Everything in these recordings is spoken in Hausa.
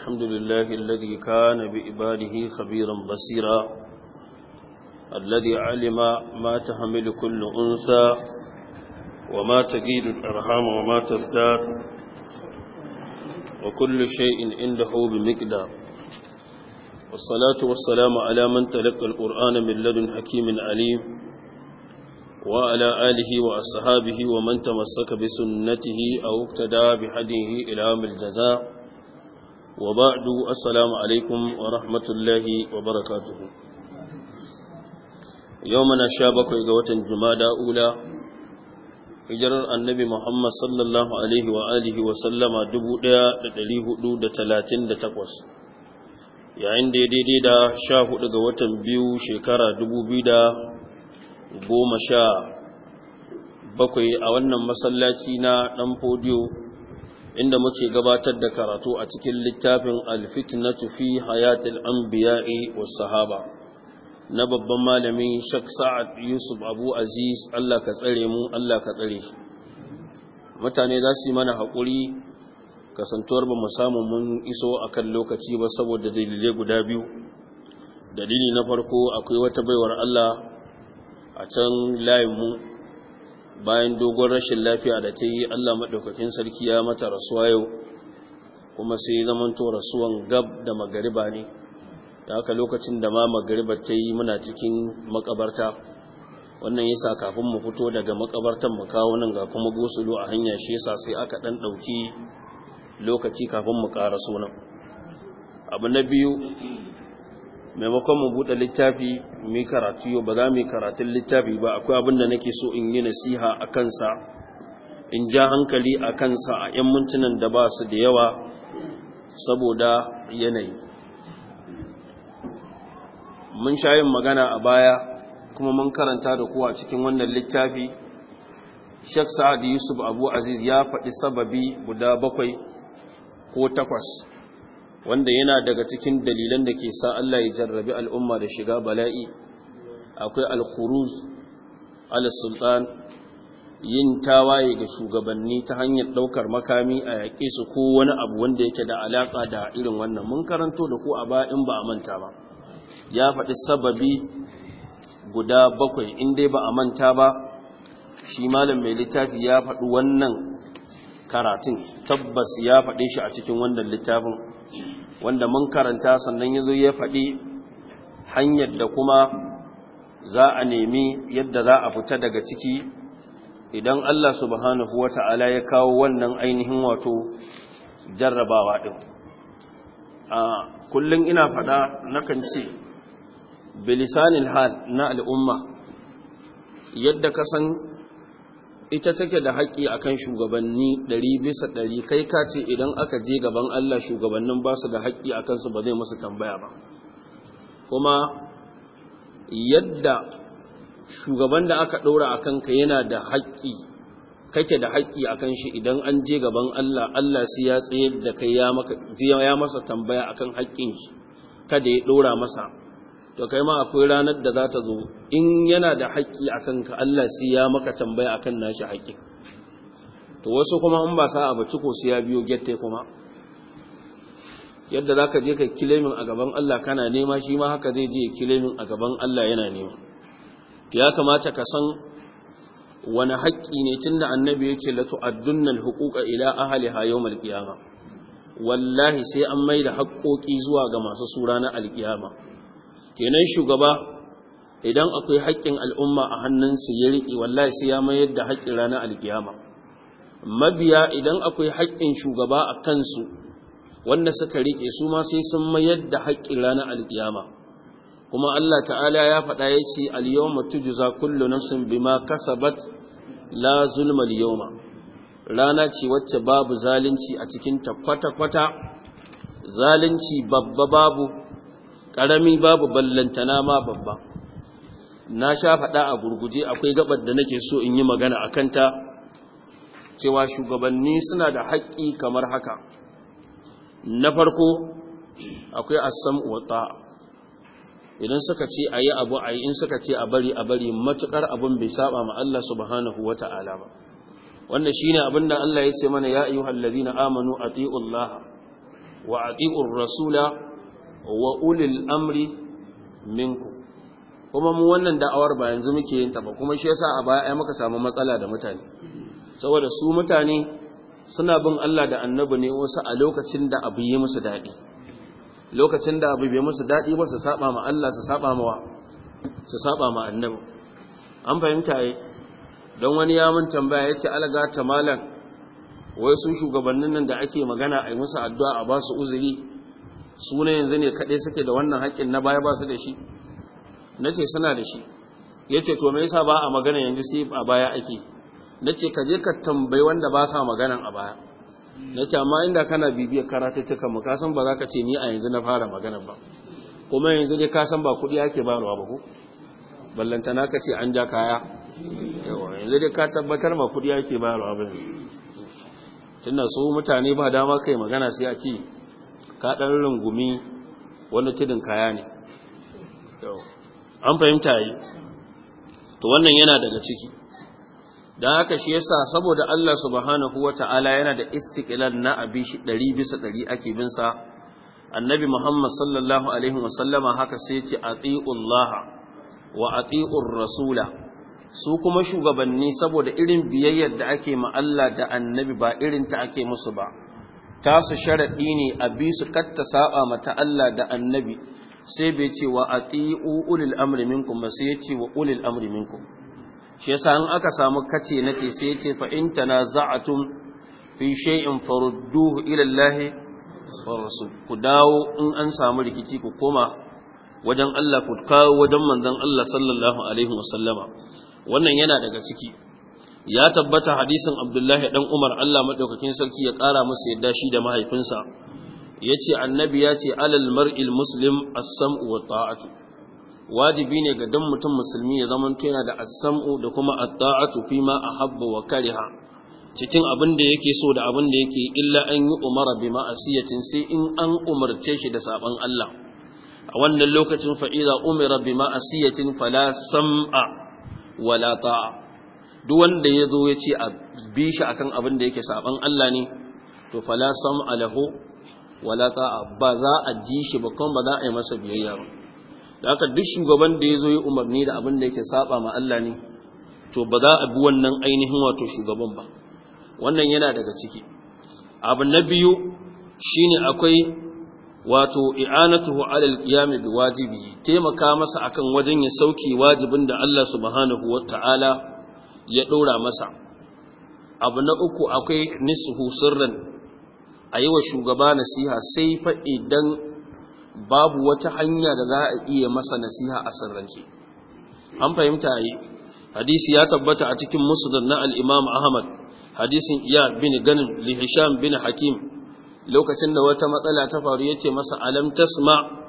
الحمد لله الذي كان بإباده خبيرا بصيرا الذي علم ما تحمل كل أنثى وما تجيد الأرحام وما تزداد وكل شيء عنده بمقدار والصلاة والسلام على من تلقى القرآن من لدن حكيم عليم وعلى آله وأصحابه ومن تمسك بسنته أو اقتدى بحديه إلى الجزاء wa ba'du assalamu alaikum wa rahmatullahi wa barakatuhu yau mana sha bakwai ga watan jumada ula hijirar annabi muhammad sallallahu alaihi wa alihi wa sallama 1438 yayin da ya daidai da sha hudu ga watan biyu shekara bakwai a wannan masallaci na dan fodiyo inda muke gabatar da karatu a cikin littafin alfitnatu fi hayatil anbiya'i was sahaba na babban malami shak Sa'ad Yusuf Abu Aziz Allah ka tsare mu Allah ka tsare shi mutane za su yi mana haƙuri kasantuwar ba mu samu mun iso akan lokaci ba saboda dalilai guda biyu dalili na farko akwai wata baiwar Allah a can layin mu bayan dogon rashin lafiya da ta yi Allah maɗaukakin sarki ya mata rasuwa yau kuma sai zamanto rasuwan gab da magariba ne da haka lokacin da ma magariba ta yi muna cikin makabarta wannan ya sa kafin mu fito daga makabartan mu kawo nan ga kuma gosulo a hanya shi yasa sai aka ɗan ɗauki lokaci kafin mu ƙara sunan abu na biyu maimakon mu buɗe littafi mai karatu yau ba za mu yi karatun littafi ba akwai abin da nake so in yi nasiha a kansa in ja hankali a kansa a 'yan mintunan da ba su da yawa saboda yanayi mun sha yin magana a baya kuma mun karanta da kuwa cikin wannan littafi shek Sa'ad Yusuf Abu Aziz ya faɗi sababi guda bakwai ko takwas wanda yana daga cikin dalilan da ke sa Allah ya jarrabi al'umma da shiga bala'i akwai al-khuruz al-sultan yin tawaye ga shugabanni ta hanyar ɗaukar makami a yaƙe su ko wani abu wanda yake da alaka da irin wannan mun karanto da ku a ba in ba a manta ba ya faɗi sababi guda bakwai in dai ba a manta ba shi malam mai littafi ya faɗi wannan karatun tabbas ya faɗi shi a cikin wannan littafin wanda mun karanta sannan yazo ya faɗi hanyar da kuma za a nemi yadda za a fita daga ciki idan Allah subhanahu ta'ala ya kawo wannan ainihin wato jarrabawa din a kullun ina faɗa nakan ce bilisanil hal na al'umma yadda ka san ita take da haƙƙi kan shugabanni ɗari bisa ɗari kai ka ce idan aka je gaban Allah shugabannin ba su da haƙƙi a kansu ba zai musu tambaya ba kuma yadda shugaban da aka ɗora a kanka yana da haƙƙi kake da haƙƙi a kan shi idan an je gaban Allah Allah sai ya tsaye da kai ya masa tambaya a kan haƙƙin shi kada ya ɗora masa to kai ma akwai ranar da za ta zo in yana da haƙƙi a kanka Allah sai ya maka tambaya akan nashi haƙƙi to wasu kuma an ba sa abu ciko sai ya biyo gette kuma yadda za ka je ka kilemin a gaban Allah kana nema shi ma haka zai je kilemin a gaban Allah yana nema ya kamata ka san wani haƙƙi ne tunda annabi ya ce latu addunnal huquqa ila ahliha yawmal qiyamah wallahi sai an mai da haƙƙoƙi zuwa ga masu sura na alƙiyama kenan shugaba idan akwai haƙƙin al'umma a su ya riƙe wallahi sai ya mayar da haƙƙin ranar alkiyama mabiya idan akwai haƙƙin shugaba a kansu wanda suka riƙe su ma sai sun mayar da haƙƙin ranar alkiyama kuma Allah ta'ala ya faɗa ya ce al-yawma tujza kullu nafsin bima kasabat la zulma al rana ce wacce babu zalunci a cikin ta kwata zalunci babba babu ƙarami babu ballantana ma babba na sha faɗa a gurguje akwai gabar da nake so in yi magana a kanta cewa shugabanni suna da haƙƙi kamar haka na farko akwai asam wata idan suka ce a yi abu a yi in suka ce a bari a bari matuƙar abun bai saba ma Allah subhanahu wa ta'ala ba wannan shine abin da Allah ya ce mana ya ayyuhallazina amanu ati'ullaha wa ati'ur rasula wa ulil amri minku kuma mu wannan da'awar ba yanzu muke yin ta ba kuma shi yasa a baya ai muka samu matsala da mutane saboda su mutane suna bin Allah da annabi ne wasu a lokacin da abu yi musu dadi lokacin da abu bai musu dadi ba su saba ma Allah su saba ma su saba ma annabi an fahimta ai don wani ya mun tambaya yace alaga ta malam wai su shugabannin nan da ake magana ai musu addu'a a ba su uzuri su ne yanzu ne kaɗai suke da wannan haƙƙin na baya ba su da shi na ce suna da shi ya ce to me yasa ba a magana yanzu sai a baya ake na ce ka je ka tambayi wanda ba sa magana a baya na ce amma inda kana bibiyar karatuttukan mu ka san ba za ka ce ni a yanzu na fara magana ba kuma yanzu dai ka san ba kuɗi ake ba ba ko na ka ce an ja kaya yawa yanzu dai ka tabbatar ba kuɗi ake ba ba tunda su mutane ba dama kai magana sai a ce ka rungumi wani tudun kaya ne an fahimta yi to wannan yana daga ciki don haka shi yasa saboda Allah subhanahu wa ta'ala yana da istiƙilar na abi shi ɗari bisa ɗari ake binsa annabi Muhammad sallallahu alaihi wasallama haka sai ce a Laha wa ati'ur rasula su kuma shugabanni saboda irin biyayyar da ake ma'alla da annabi ba irinta ake musu ba Ta su sharaɗi ne a bi su katta saba mata Allah da annabi sai bai ce wa ati'u ulil amri minkum ba sai ya ce wa ulil amri minkum shi yasa in aka samu kace nace sai ya ce fa in tanaza'atum fi shay'in farudduhu ila Allah wa rasul ku dawo in an samu rikici ku koma wajen Allah ku kawo wajen manzon Allah sallallahu alaihi wasallama wannan yana daga ciki ya tabbata hadisin abdullahi dan umar allah maɗaukakin sarki ya ƙara musu yadda shi da mahaifinsa ya ce annabi ya ce alal mar'il muslim as-sam'u wa ta'atu wajibi ne ga dan mutum musulmi ya zama yana da as da kuma at-ta'atu fi ma ahabba wa kariha cikin abin da yake so da abin da yake illa an yi umara bi ma'asiyatin sai in an umarce shi da saban Allah a wannan lokacin fa idza umira bi ma'asiyatin fala sam'a wala ta'a duk wanda ya zo ya ce a bi shi akan abin da yake saban Allah ne to fala sam alahu wala ta'a ba za a ji shi ba kuma ba za a yi masa biyayya ba da aka duk shugaban da ya zo ya umarni da abin da yake saba ma Allah ne to ba za a bi wannan ainihin wato shugaban ba wannan yana daga ciki abu na biyu shine akwai wato i'anatuhu ala alqiyam biwajibi taimaka masa akan wajen ya sauki wajibin da Allah subhanahu wataala ya ɗora masa abu na uku akwai nisuhu sirrin a yi wa shugaba nasiha sai faɗi don babu wata hanya da za a iya masa nasiha a sirrance an fahimta yi hadisi ya tabbata a cikin musulun na al'imam ahmad hadisin ya bin ganin lihisham bin hakim lokacin da wata matsala ta faru ya ce masa alam tasma'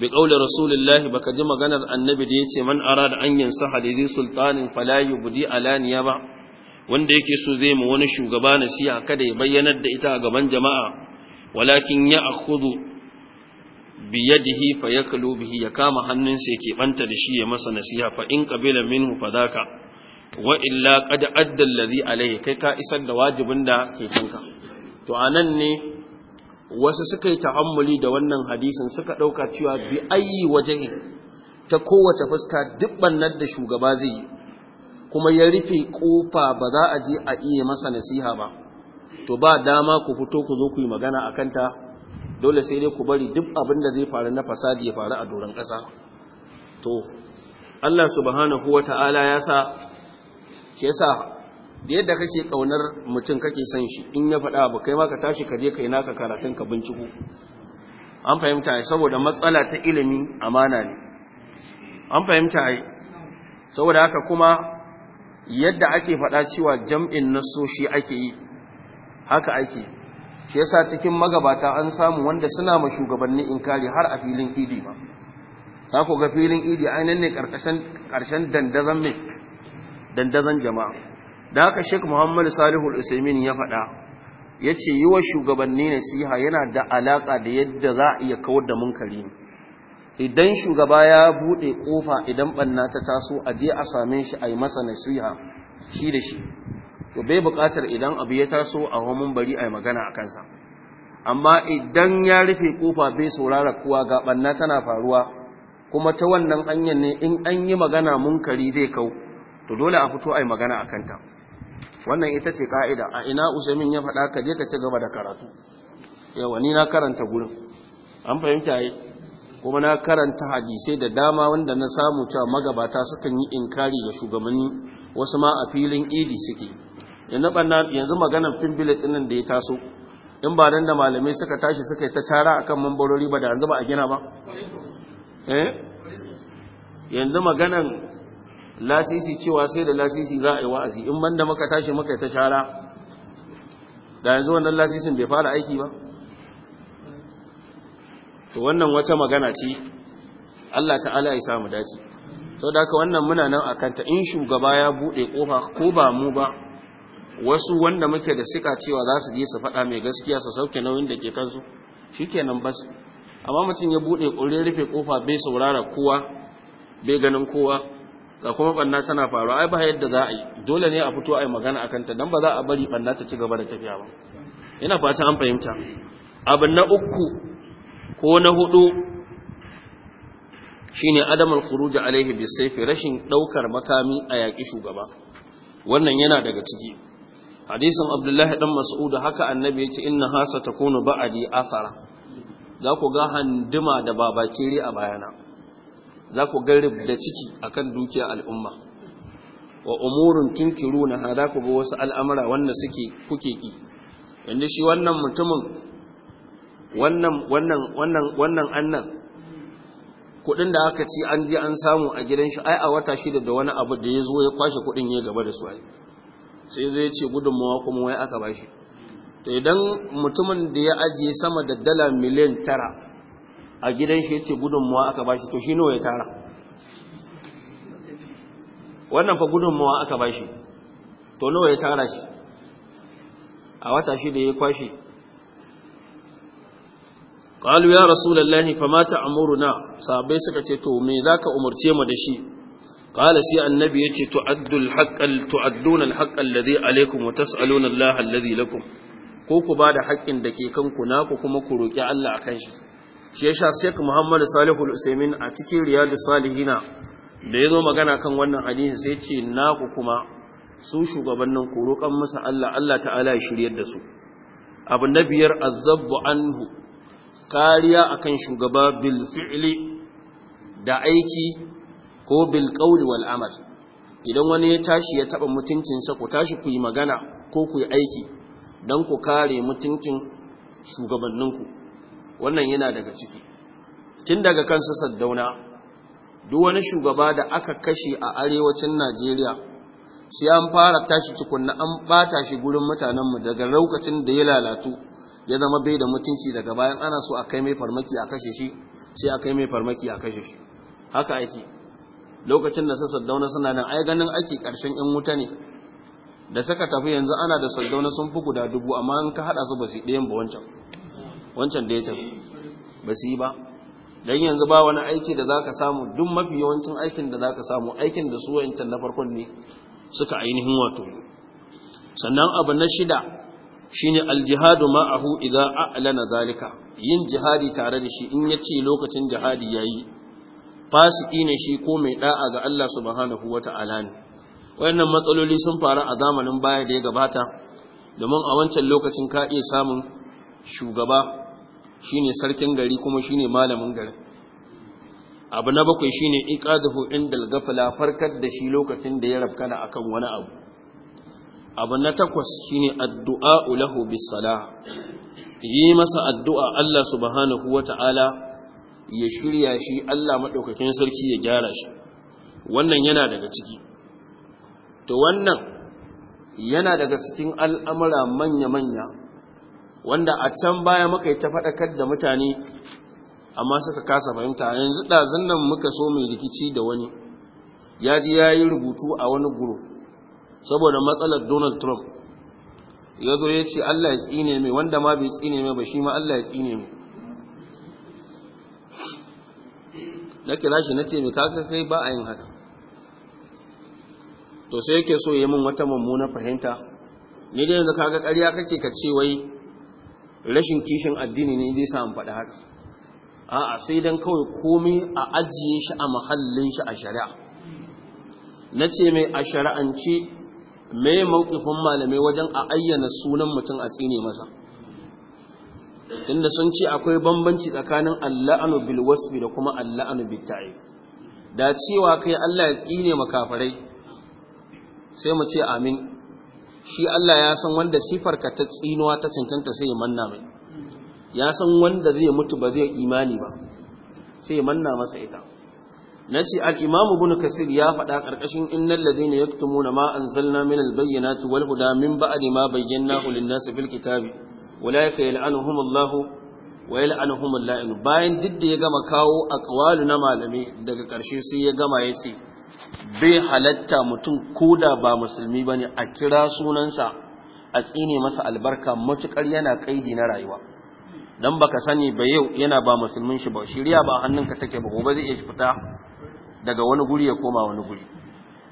bi qawli rasulillah baka ji maganar annabi da yace man da an yansa hadidi sultanin fala yubdi alaniya ba wanda yake so zai mu wani shugaba nasiha kada ya bayyanar da ita a gaban jama'a walakin ya akhudhu bi yadihi fa yaklu bihi ya kama hannunsa yake banta da shi ya masa nasiha fa in qabila minhu fadaka wa illa qad adda alladhi kai ka isar da wajibin da ke kanka to anan ne wasu suka yi ta'ammuli da wannan hadisin suka ɗauka cewa bi ayi waje ta kowace fuska duk nan da shugaba zai yi kuma ya rufe kofa ba za a je a iya masa nasiha ba to ba dama ku fito ku zo ku yi magana a kanta dole sai dai ku bari duk abin da zai faru na fasadi ya faru a doron ƙasa to Allah subhanahu wa ta'ala ya sa shi yasa da yadda kake kaunar mutum kake son shi in ya faɗa ba kai ma ka tashi ka je kai naka karatun ka binciko an fahimta ai saboda matsala ta ilimi amana ne an fahimta ai saboda haka kuma yadda ake faɗa cewa jam'in nasoshi ake yi haka ake shi yasa cikin magabata an samu wanda suna ma shugabanni inkari har a filin idi ba za ku ga filin idi ainihin ne ƙarshen dandazon ne dandazon jama'a da haka Sheikh Muhammad al usaymin ya faɗa yace wa shugabanni nasiha yana da alaƙa da yadda za a iya kawar da munkari idan shugaba ya bude ƙofa idan banna ta taso a je a same shi a yi masa nasiha shi da shi to bai buƙatar idan abu ya taso a homin bari a yi magana a kansa amma idan ya rufe kofa bai saurara kowa ga banna tana faruwa kuma ta wannan hanyar ne in an yi magana munkari zai kau to dole a fito a yi magana a kanta wannan ita ce ka'ida a ina usaimin ya faɗa ka je ka ci gaba da karatu yawa ni na karanta gurin an fahimta yi kuma na karanta hadisai da dama wanda na samu cewa magabata sukan yi inkari ga shugabanni wasu ma a filin idi suke yanzu maganar fin bilet da ya taso in ba dan da malamai suka tashi suka yi ta cara kan mambarori ba da yanzu ba a gina ba eh? yanzu maganar lasisi cewa sai da lasisi za a yi wa'azi in banda maka tashi maka ta shara da yanzu wannan lasisin bai fara aiki ba to wannan wata magana ce Allah ta'ala ya samu dace sau da wannan muna nan a kanta in shugaba ya buɗe ƙofa ko ba mu ba wasu wanda muke da sika cewa za su je su faɗa mai gaskiya su sauke nauyin da ke kansu shi bas amma mutum ya buɗe ƙure rufe ƙofa bai saurara kowa bai ganin kowa ga kuma banna tana faruwa ai ba yadda za a yi dole ne a fito a yi magana akan ta dan ba za a bari banna ta ci gaba da tafiya ba ina fata an fahimta abin na uku ko na hudu shine adamul khuruj alaihi bisayf rashin daukar makami a yaki shugaba wannan yana daga ciki hadisin abdullahi dan mas'ud haka annabi ya ce inna hasa takunu ba'di athara za ku ga handuma da babakiri a bayana za ku garib da ciki a kan dukiya al'umma wa umurin tunkiru na za ku ga wasu al'amura wanda suke kuke ki inda shi wannan mutumin wannan wannan wannan wannan annan kudin da aka ci an je an samu a gidan shi ai a wata shida da wani abu da ya zo ya kwashe kudin ya gaba da su ai sai zai ce gudunmawa kuma wai aka bashi to idan mutumin da ya ajiye sama da dala miliyan tara a gidan shi ce gudunmuwa aka ba shi to shi nawa ya tara wannan fa gudunmuwa aka ba shi to nawa ya tara shi a wata shi da ya kwashe. ƙwalu ya rasu, lallahi fa mata amuruna sahabai suka ce to me za ka umarce mu da shi ƙwala sai annabi ya ce tu'adduna alhaƙar lade alaikum wa tas'aluna allah allazi lakum ko ku ba da haƙƙin da ke kanku ku kuma ku roƙi allah a kan shi shi yasa Sheikh Salihu al a cikin Riyadus Salihina da ya zo magana kan wannan hadisi sai ce naku kuma su shugabannin ku masa Allah Allah ta'ala ya shiryar da su abu na biyar azzabu anhu kariya akan shugaba bil fi'li da aiki ko bil qawli wal amal idan wani ya tashi ya taba mutuncinsa ku tashi ku yi magana ko ku yi aiki dan ku kare mutuncin shugabanninku wannan yana daga ciki tun daga kansu saddauna duk wani shugaba da aka kashe a arewacin najeriya sai an fara tashi tukunna an bata shi gurin mutanenmu daga lokacin da ya lalatu ya zama bai da mutunci daga bayan ana so a kai mai farmaki a kashe shi sai a kai mai farmaki a kashe shi haka aiki lokacin da su saddauna suna nan ai ganin aiki karshen yan wuta ne da suka tafi yanzu ana da saddauna sun fi guda dubu amma an ka hada su ba su ɗayan ba wancan wancan da ya tafi ba su yi ba don yanzu ba wani aiki da za ka samu duk mafi yawancin aikin da za ka samu aikin da su wayancan na farkon ne suka ainihin wato sannan abu na shida shine aljihadu ma'ahu idza a'lana zalika yin jihadi tare da shi in ya ce lokacin jihadi ya yi fasiki ne shi ko mai da'a ga Allah Su wata ala ne wayannan matsaloli sun faru a zamanin baya da ya gabata domin a wancan lokacin ka iya samun shugaba shine sarkin gari kuma shine malamin gari. abu na bakwai shine iqadahu indal gafala farkar da shi lokacin da ya rabkana akan wani abu abu na takwas shine addu'a lahu bisala. yi masa addu'a Allah subhanahu Ta'ala ya shirya shi Allah maɗaukakin sarki ya gyara shi wannan yana daga ciki to wannan yana daga cikin al'amura manya-manya wanda a can baya muka yi ta faɗakar da mutane amma suka kasa fahimta yanzu ɗazun nan muka so mai rikici da wani ya ji ya yi rubutu a wani guru saboda matsalar donald trump ya zo ya ce allah ya tsine mai wanda ma bai tsine mai ba shi ma allah ya tsine mai na kira shi na ce mai kaka kai ba a yin haka to sai yake so ya min wata mummuna fahimta ni dai yanzu kaga ƙarya kake ka ce wai rashin kishin addini ne zai sa faɗi haka a'a sai don kawai komai a ajiye shi a mahallin shi a shari'a na ce mai a shari'ance mai mawkifin malamai wajen a ayyana sunan mutum a tsine masa tunda sun ce akwai bambanci tsakanin alla'anu bil da kuma alla'anu bit da cewa kai Allah ya tsine makafarai sai mu ce amin shi Allah ya san wanda sifarka ta tsinuwa ta cancanta sai ya manna mai ya san wanda zai mutu ba zai imani ba sai ya manna masa ita nace al-imamu ibn kasir ya faɗa karkashin innal ladhina yaktumuna ma anzalna min al-bayyinati wal huda min ba'di ma bayyanahu lin-nasi fil kitabi ulaika yal'anuhum Allah wa yal'anuhum bayan duk da ya gama kawo aqwalu na malami daga karshe sai ya gama yace bai halatta mutum ko da ba musulmi ba ne a kira sunansa a tsine masa albarka matuƙar yana kaidi na rayuwa don baka sani ba yau yana ba musulmin shi ba shirya ba hannunka take ba gobe zai iya fita daga wani guri ya koma wani guri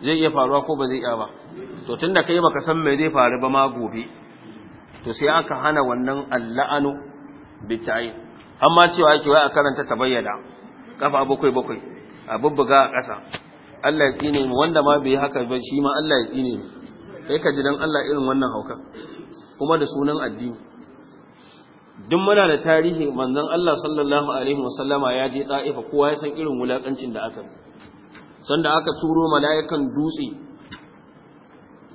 zai iya faruwa ko ba zai iya ba to tunda kai baka san mai zai faru ba ma gobe to sai aka hana wannan alla'anu bita'i amma cewa yake wai a karanta tabayyada kafa bakwai bakwai a bubbuga a ƙasa Allah ya tsine mu wanda ma bai haka ba shi ma Allah ya tsine mu kai ka ji dan Allah irin wannan hauka kuma da sunan addini duk muna da tarihi manzon Allah sallallahu alaihi wasallama ya je Ta'ifa kowa ya san irin wulakancin da aka sanda aka turo mala'ikan dutse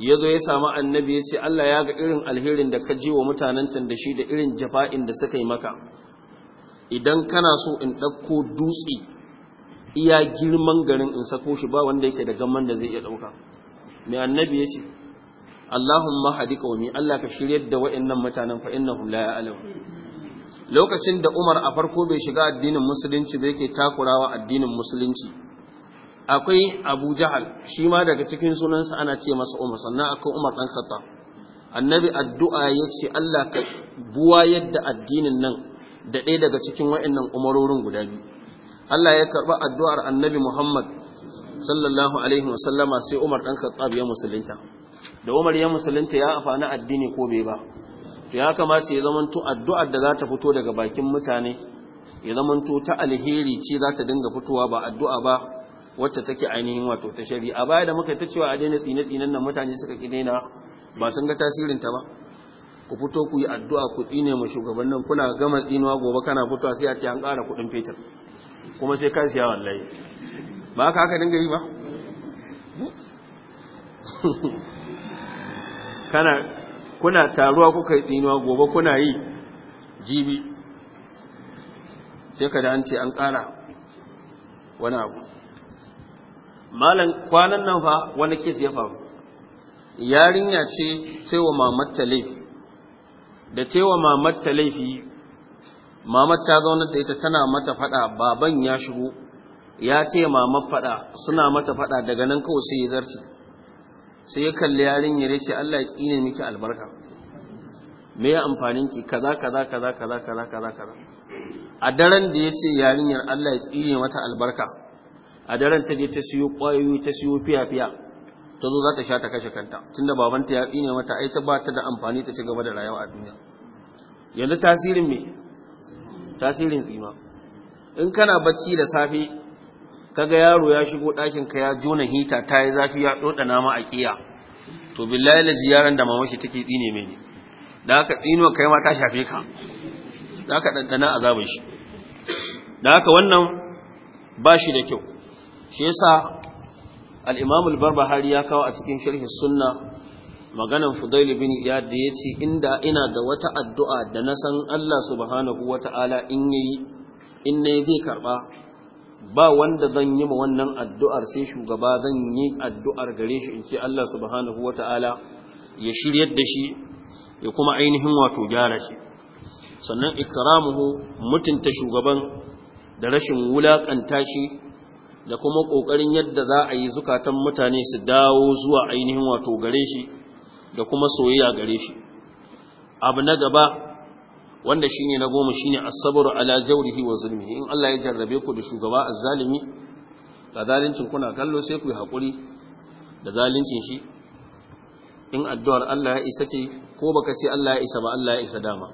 ya zo ya samu annabi ya ce Allah ya ga irin alherin da ka ji wa mutanen can da shi da irin jafa'in da suka yi maka idan kana so in ɗauko dutse iya girman garin in sako shi ba wanda yake da gamman da zai iya ɗauka mai annabi ya ce Allahumma hadi qaumi Allah ka shiryar da nan mutanen na hula ya ya'lamun lokacin da Umar a farko bai shiga addinin musulunci ba yake takurawa addinin musulunci akwai Abu Jahal shi ma daga cikin sunansa ana ce masa Umar sannan akwai Umar ɗan Khattab annabi addu'a ya ce Allah ka buwa yadda addinin nan da ɗaya daga cikin nan umarorin guda biyu Allah ya karɓi addu'ar annabi Muhammad sallallahu alaihi wasallama sai Umar dan Khattab ya musulunta da Umar ya musulunta ya amfani addini ko bai ba ya kamata ya zamanto addu'ar da za ta fito daga bakin mutane ya zamanto ta alheri ce za ta dinga fitowa ba addu'a ba wacce take ainihin wato ta A baya da muka ta cewa a daina tsine-tsinen nan mutane suka ki daina ba sun ga tasirinta ba ku fito ku yi addu'a ku tsine ma shugabannin kuna gama tsinuwa gobe kana fitowa sai a ce an ƙara kuɗin fetur kuma sai ka siya wallahi ba ka haka dinga yi ba kana kuna taruwa kuka yi tsinuwa gobe kuna yi jibi sai ka da an ce an ƙara wani abu malan kwanan nan fa wani kis ya faru yarinya ce cewa mamatta laifi da cewa mamatta laifi mamar ta zaunar da ita tana mata faɗa baban ya shigo ya ce mamar faɗa suna mata faɗa daga nan kawai sai ya zarce sai ya kalli yarinyar ya ce Allah ya tsine miki albarka me ya amfanin ki kaza kaza kaza kaza kaza kaza kaza a daren da ya ce yarinyar Allah ya tsine mata albarka a daren ta je ta siyo ƙwayoyi ta siyo fiya-fiya ta zo za ta sha ta kashe kanta tunda babanta ya tsine mata ai ta ba ta da amfani ta ci gaba da rayuwa a duniya yanzu tasirin me tasirin tsima in kana bacci da safe kaga yaro ya shigo ɗakin ka ya jona hita ta yi zafi ya ɗoɗa nama a ƙiya to billahi laji yaran da mamashi take tsine mai ne da haka tsino kai ma ta shafe ka da aka ɗanɗana a zaɓin shi da haka wannan ba shi da kyau shi yasa al-imamul barbahari ya kawo a cikin shirhi sunna maganan Fudail bin Iyad da yace inda ina da wata addu'a da na san Allah subhanahu wata'ala in yayi in ne zai karba ba wanda zan yi ma wannan addu'ar sai shugaba zan yi addu'ar gare shi in ce Allah subhanahu wata'ala ya shirya da shi ya kuma ainihin wato gyara shi sannan ikramuhu mutunta shugaban da rashin wulakanta shi da kuma ƙoƙarin yadda za a yi zukatan mutane su dawo zuwa ainihin wato gare shi da kuma soyayya gare shi abu na gaba wanda shine na goma shine as-sabru ala jawrihi wa zulmihi in Allah ya jarrabe ku da shugaba zalimi, da zalincin kuna kallo sai ku yi hakuri da zalincin shi in addu'ar Allah ya isa ce ko baka ce Allah ya isa ba Allah ya isa dama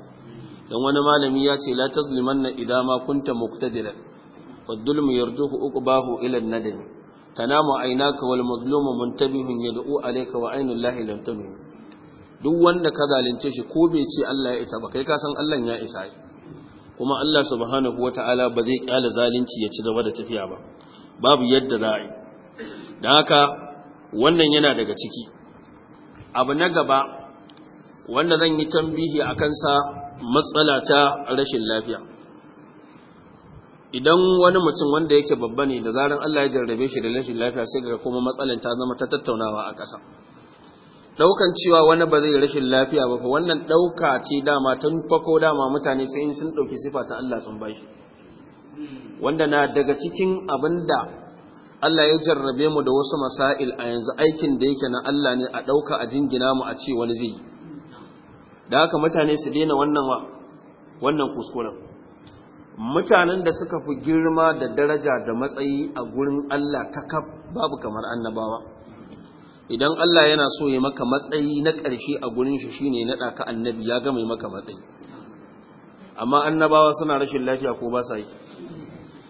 dan wani malami ya ce la tazlimanna idama kunta wa muqtadiran tana يرجوه أقباه إلى الندم تنام mun والمظلوم منتبه يدعو عليك wa الله لم تبه duk wanda ka zalunce shi ko bai ce Allah ya isa ba kai ka san Allah ya isa kuma Allah subhanahu wata'ala ba zai kyale zalunci ya ci gaba da tafiya ba babu yadda za a yi da haka wannan yana daga ciki abu na gaba wanda zan yi tambihi a sa matsala ta rashin lafiya idan wani mutum wanda yake babba ne da zarar Allah ya jarrabe shi da rashin lafiya sai ga kuma matsalan ta zama ta tattaunawa a ƙasa daukan cewa wani ba zai rashin lafiya ba fa wannan dauka ce dama tun fako dama mutane sai sun ɗauki sifa ta Allah sun bashi wanda na daga cikin abin da Allah ya jarrabe mu da wasu masail a yanzu aikin da yake na Allah ne a dauka a jingina mu a ce wani zai yi da haka mutane su daina wannan wa wannan kuskuren mutanen da suka fi girma da daraja da matsayi a gurin Allah kaf babu kamar annabawa idan Allah yana so ya maka matsayi na ƙarshe a gurin shi ne naɗa ka annabi ya gama maka matsayi amma annabawa suna rashin lafiya ko ba sa yi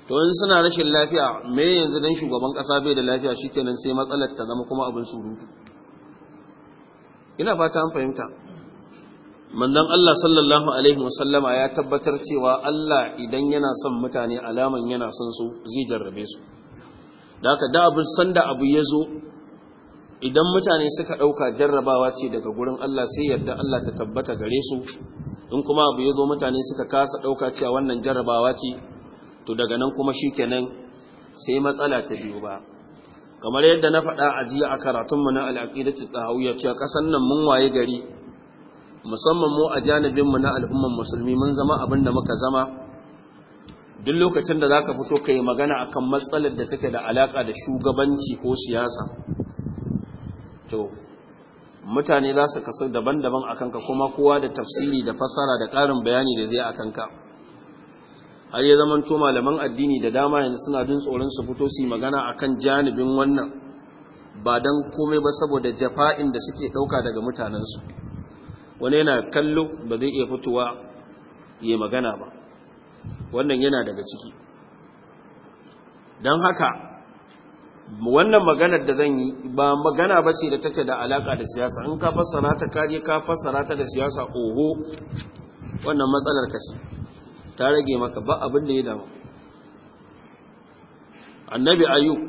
to in suna rashin lafiya me yanzu dan shugaban ƙasa bai da lafiya shi kenan sai matsalar ta zama kuma abin surutu ina fata an fahimta manzon Allah sallallahu alaihi wasallama ya tabbatar cewa Allah idan yana son mutane alaman yana son su zai jarrabe su da haka da abin sanda abu ya zo idan mutane suka ɗauka jarrabawa ce daga gurin Allah sai yadda Allah ta tabbata gare su in kuma abu ya zo mutane suka kasa ɗauka cewa wannan jarrabawa ce to daga nan kuma shi kenan sai matsala ta biyu ba kamar yadda na faɗa a jiya a karatunmu na al'aƙidatu tsahawiyya cewa ƙasan nan mun waye gari musamman mu a janibinmu na al'umman musulmi mun zama abin da muka zama duk lokacin da za ka fito ka yi magana akan matsalar da take da alaƙa da shugabanci ko siyasa to mutane za su kasu daban-daban a kanka kuma kowa da tafsiri da fasara da ƙarin bayani da zai a kanka har ya zaman to malaman addini da dama yanzu suna jin tsoron su fito su magana a kan janibin wannan ba don komai ba saboda jafa'in da suke ɗauka daga mutanensu wani yana kallo ba zai iya fitowa ya magana ba wannan yana daga ciki don haka wannan maganar da zan yi ba magana ba ce da take da alaka da siyasa in ka fassara ta kaje ka fassara ta da siyasa oho wannan matsalar kashi ta rage maka ba abin da ya dama. annabi ayyub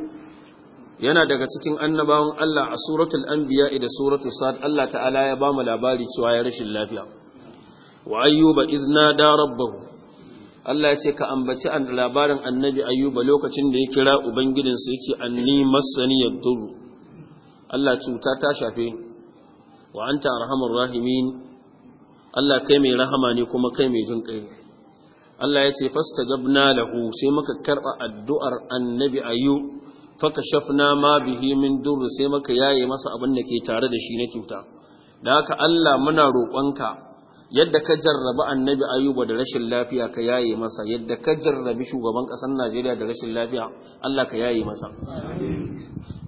yana daga cikin annabawan Allah a suratul anbiya da suratul sad Allah ta'ala ya ba mu labari cewa ya rashin lafiya wa ayyuba izna da rabbahu Allah ya ce ka ambaci an labarin annabi ayyuba lokacin da ya kira ubangidinsa yake anni masani duru. Allah cuta ta shafe wa anta arhamur rahimin Allah kai mai rahama ne kuma kai mai jin kai Allah ya ce fastajabna lahu sai muka karba addu'ar annabi ayyub fakashafna ma bihi min duru, sai muka yaye masa abin da ke tare da shi na cuta da haka Allah muna roƙonka yadda ka jarrabi annabi ayuba da rashin lafiya ka yaye masa yadda ka jarrabi shugaban ƙasar najeriya da rashin lafiya allah ka yaye masa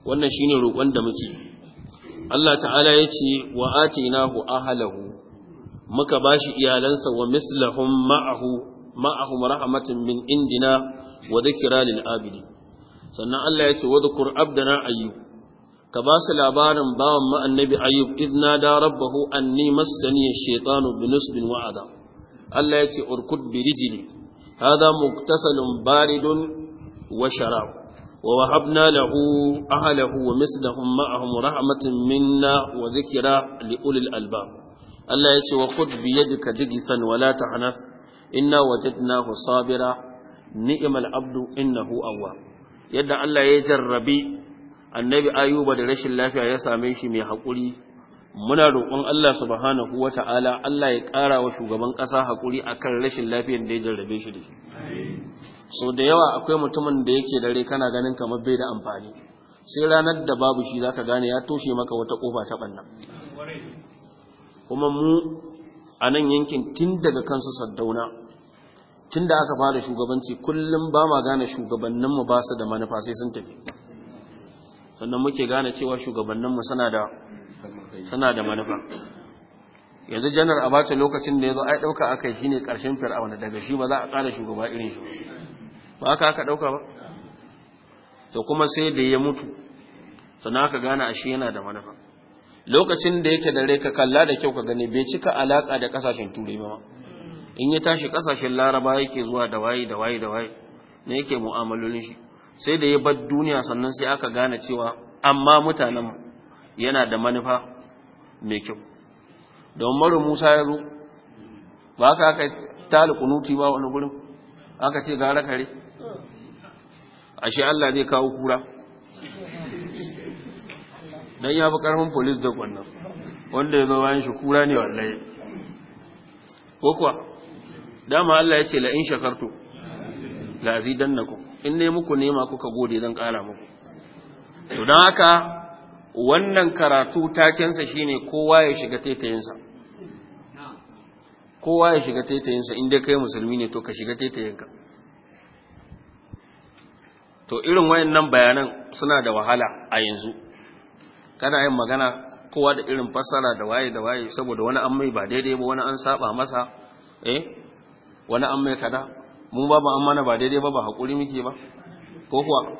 wannan shine roƙon da muke allah ta'ala ya ce wa atinahu ahalahu muka bashi iyalansa wa mislahun ma'ahu ma'ahum rahmatin min indina wa dhikra lil abidi sannan allah ya ce wa dhkur abdana ayyub ka ba su labarin bawan mu ayyub idna da rabbahu anni massani shaytanu binusbin wa'ada Allah ya ce urkud bi rijli hada muktasalun baridun wa sharab wa wahabna lahu ahlahu wa mislahum ma'ahum rahmatan minna wa dhikra li ulil albab Allah ya ce wa khud bi yadika digithan wa la tahnaf inna wajadnahu sabira ni'mal abdu innahu awwab yadda Allah ya jarrabi annabi ayuba da rashin lafiya ya same shi mai haƙuri muna roƙon Allah subhanahu wata'ala Allah ya ƙara wa shugaban ƙasa haƙuri kan rashin lafiyar da ya jarrabe shi da shi so da yawa akwai mutumin da yake dare kana ganin kamar bai da amfani sai ranar da babu shi zaka gane ya toshe maka wata kofa ta banna kuma mu a nan yankin tun daga kansu saddauna tun da aka fara shugabanci kullum ba ma gane shugabanninmu ba su da manufa sai sun tafi sannan muke gane cewa shugabanninmu suna da manufa yanzu janar abacha lokacin da ya zo ai ɗauka aka yi shine karshen fir'auna daga shi ba za a ƙara shugaba irin shi ba aka aka ɗauka ba to kuma sai da ya mutu sannan aka gane ashe yana da manufa lokacin da yake da rai ka kalla da kyau ka gani bai cika alaƙa da ƙasashen turai ba in ya tashi kasashen laraba yake zuwa da waye da waye da waye ne yake mu'amalolin shi sai da ya bar duniya sannan sai aka gane cewa amma mutanen yana da manufa mai kyau don maru musa ya zo ba aka aka tali kunuti ba wani gurin aka ce gara kare ashe Allah zai kawo kura don ya fi karfin polis da wannan wanda ya zo bayan shi kura ne wallaye ko kuwa dama Allah ya ce la'in shakarto la'azidan na ku. in ne muku nema kuka gode zan ƙara muku to don haka wannan karatu takensa shine kowa ya shiga sa kowa ya shiga sa inda kai musulmi ne to ka shiga ka to irin wayannan bayanan suna da wahala a yanzu kana yin magana kowa da irin fassara da waye da waye saboda wani an mai ba daidai ba wani an saba masa eh wani an mai kada mu ba ba amana ba daidai ba ba haƙuri muke ba ko kuwa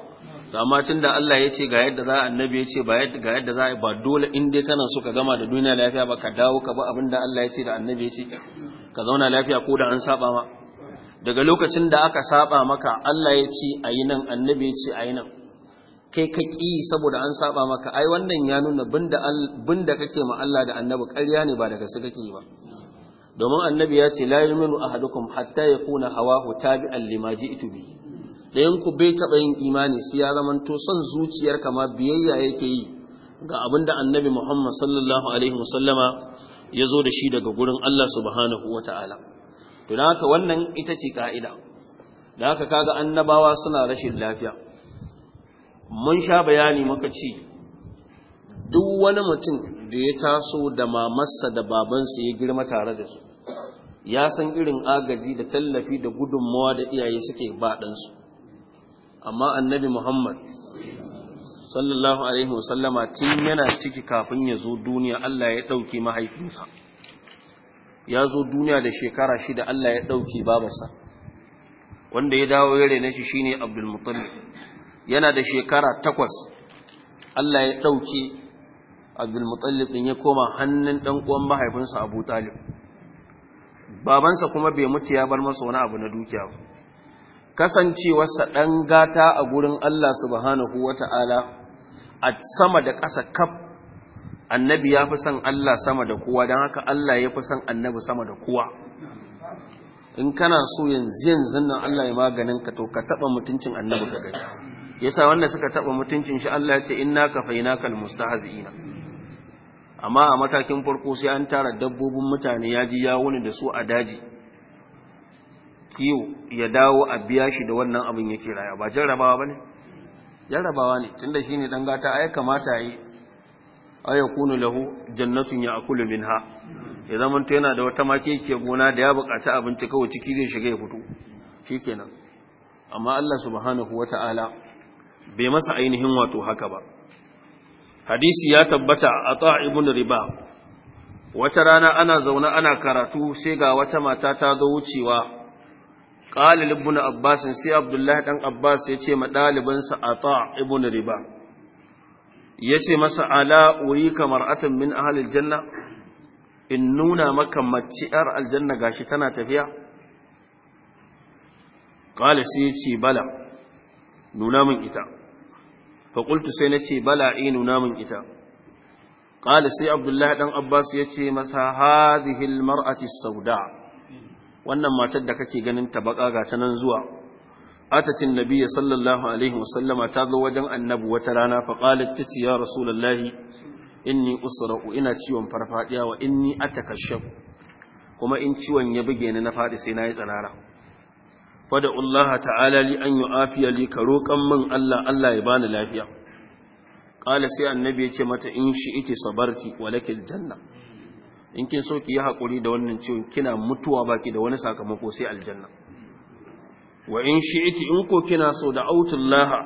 amma tun da Allah ya ce ga yadda za annabi ya ce ga yadda za ba dole in dai kana so ka gama da duniya lafiya ba ka dawo ka ba abin da Allah ya ce da annabi ya ce ka zauna lafiya ko da an saba ma daga lokacin da aka saba maka Allah ya ce ayi nan annabi ya ce ayi nan kai ka ƙi saboda an saba maka ai wannan ya nuna binda kake ma Allah da annabi ƙarya ne ba daga su kake ba domin annabi ya ce minu a ahadukum hatta ya yakuna hawahu tabi'an lima ji'tu bi Ɗayan ku bai taɓa yin imani sai ya zamanto son zuciyar kama biyayya yake yi ga abin da annabi Muhammad sallallahu alaihi wasallama ya zo da shi daga gurin Allah subhanahu ta'ala to da haka wannan ita ce ka'ida da haka kaga annabawa suna rashin lafiya mun sha bayani muka ce duk wani mutum da ya taso da mamarsa da babansa ya girma tare da su ya san irin agaji da tallafi da gudunmawa da iyaye suke ba ɗansu, amma annabi muhammad sallallahu alaihi wasallama tun yana ciki kafin ya zo duniya allah ya ɗauki mahaifinsa ya zo duniya da shekara shida allah ya ɗauki babarsa wanda ya dawo ya rena shi shine abdulmutallib yana da shekara takwas allah ya ɗauki abdulmutallib din ya koma hannun dan uwan mahaifinsa abu talib babansa kuma bai mutu ya bar masa wani abu na dukiya ba kasancewarsa dan gata a gurin Allah subhanahu wata'ala a sama da ƙasa kaf annabi ya fi son Allah sama da kowa don haka Allah ya fi son annabi sama da kowa in kana so yanzu yanzu nan Allah ya maganin ka to ka taba mutuncin annabi ka gani yasa wanda suka taba mutuncin shi Allah ya ce innaka kal mustahzi'ina amma a matakin farko sai an tara dabbobin mutane ya ji ya wani da su a daji kiwo ya dawo a biya shi da wannan abin yake raya ba jarrabawa ba ne jarrabawa ne tunda shi ne ɗan gata ya kamata yi a ya kunu lahu jannatun ya akulu min ha ya zama to yana da wata make ke gona da ya buƙaci abinci kawai ciki zai shiga ya fito shi kenan amma allah subhanahu ta'ala bai masa ainihin wato haka ba hadisi ya tabbata a ta'ibun riba wata rana ana zaune ana karatu sai ga wata mata ta zo wucewa ƙalil ibn abbas sai abdullahi ɗan abbas ya ce ma ɗalibinsa a ta'ibun riba ya ce masa ala wuri kamar atan min ahalil janna in nuna maka mace ‘yar aljanna gashi tana tafiya? ƙalisi ce bala nuna min ita fa qultu sai nace bala inu namun ita qala sai abdullahi dan abbas yace masa hadhihi almar'ati sauda wannan matar da kake ganin ta baka ga ta nan zuwa atatin nabiyyi sallallahu alaihi wasallama ta zo wajen annabi wata rana fa qalat tati ya rasulullahi inni usra'u ina ciwon farfadiya wa inni atakashaf kuma in ciwon ya buge ni na fadi sai nayi tsanara fada Allah ta'ala li an yu'afiya li ka kan min Allah Allah ya bani lafiya qala sai annabi yace mata in shi ite sabarti walakil janna in kin so ki yi hakuri da wannan ciwon kina mutuwa baki da wani sakamako sai aljanna wa in shi ite in ko kina so da Laha